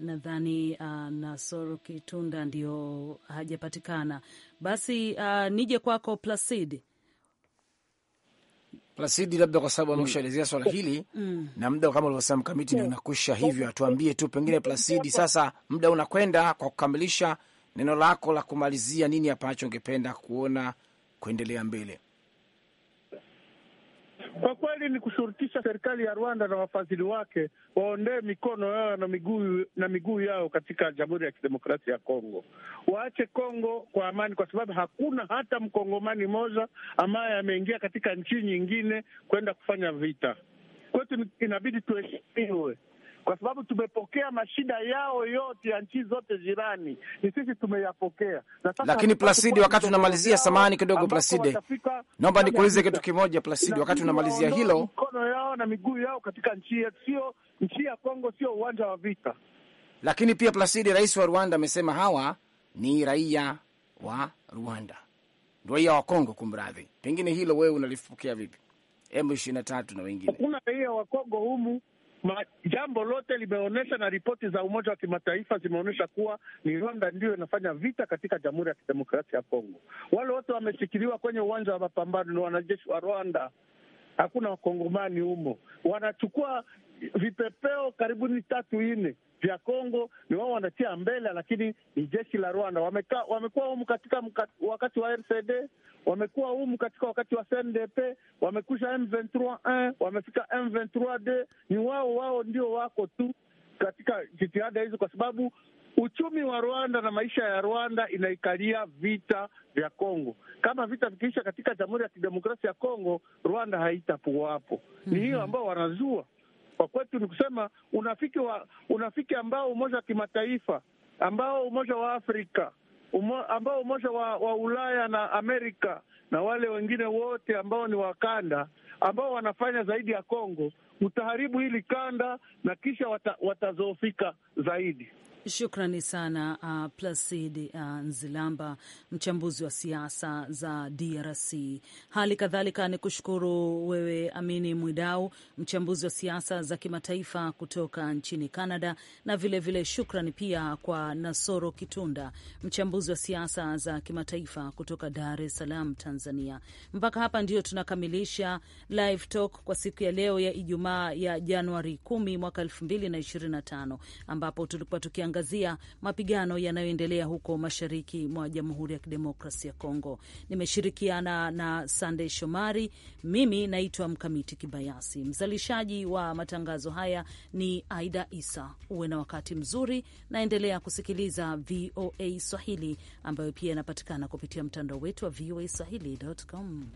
nadhani uh, Nasoro Kitunda ndio hajapatikana. Basi uh, nije kwako Placid. Plasidi, labda kwa sababu ameshaelezea mm. swala hili mm. na muda kama ulivyosema mkamiti ndio mm. unakwisha, hivyo atuambie tu pengine Plasidi, mm. sasa muda unakwenda, kwa kukamilisha neno lako la kumalizia, nini ambacho ungependa kuona kuendelea mbele? Kwa kweli ni kushurutisha serikali ya Rwanda na wafadhili wake waondee mikono yao na miguu na miguu yao katika Jamhuri ya Kidemokrasia ya Kongo, waache Kongo kwa amani, kwa sababu hakuna hata mkongomani mmoja ambaye ameingia katika nchi nyingine kwenda kufanya vita. Kwetu inabidi tuheshimiwe kwa sababu tumepokea mashida yao yote ya nchi zote jirani, ni sisi tumeyapokea. Lakini Plasidi, wakati unamalizia, samani kidogo Plasidi, naomba nikuulize kitu kimoja Plasidi, wakati unamalizia hilo, mikono yao na miguu yao katika nchi yetu, sio nchi ya Kongo, sio uwanja wa vita. Lakini pia Plasidi, rais wa Rwanda amesema hawa ni raia wa Rwanda, raia wa Kongo, kumradhi. Pengine hilo wewe unalipokea vipi? M ishirini na wengine, hakuna raia wa Kongo humu Jambo lote limeonyesha na ripoti za Umoja wa Kimataifa zimeonyesha kuwa ni Rwanda ndiyo inafanya vita katika Jamhuri ya Kidemokrasia ya Kongo. Wale wote wameshikiliwa kwenye uwanja wa mapambano ni wanajeshi wa Rwanda, hakuna wakongomani humo. Wanachukua vipepeo karibuni tatu nne vya Kongo ni wao wanatia mbele, lakini ni jeshi la Rwanda. Wameka, wamekuwa humu katika mka, wakati wa RCD, wamekuwa humu katika wakati wa CNDP, wamekusha M23 wamefika M23, ni wao wao ndio wako tu katika jitihada hizo, kwa sababu uchumi wa Rwanda na maisha ya Rwanda inaikalia vita vya Kongo. Kama vita vikiisha katika Jamhuri ya Kidemokrasia ya Kongo, Rwanda haitakuwapo. Ni hiyo mhm. ambao wanazua kwa kwetu ni kusema unafiki wa unafiki ambao umoja wa kimataifa ambao umoja wa Afrika umo, ambao umoja wa, wa Ulaya na Amerika na wale wengine wote ambao ni wakanda ambao wanafanya zaidi ya Kongo utaharibu hili kanda na kisha wata, watazoofika zaidi. Shukrani sana uh, Placid uh, Nzilamba, mchambuzi wa siasa za DRC. Hali kadhalika ni kushukuru wewe Amini Mwidau, mchambuzi wa siasa za kimataifa kutoka nchini Canada, na vilevile vile shukrani pia kwa Nasoro Kitunda, mchambuzi wa siasa za kimataifa kutoka Dar es Salaam, Tanzania. Mpaka hapa ndio tunakamilisha Live Talk kwa siku ya leo ya Ijumaa ya Januari 10 mwaka 2025 ambapo tulikuwa tukiangalia kuangazia mapigano yanayoendelea huko mashariki mwa Jamhuri ya Kidemokrasi ya Kongo. Nimeshirikiana na Sandey Shomari. Mimi naitwa Mkamiti Kibayasi. Mzalishaji wa matangazo haya ni Aida Isa. Uwe na wakati mzuri, naendelea kusikiliza VOA Swahili ambayo pia inapatikana kupitia mtandao wetu wa VOA Swahili.com.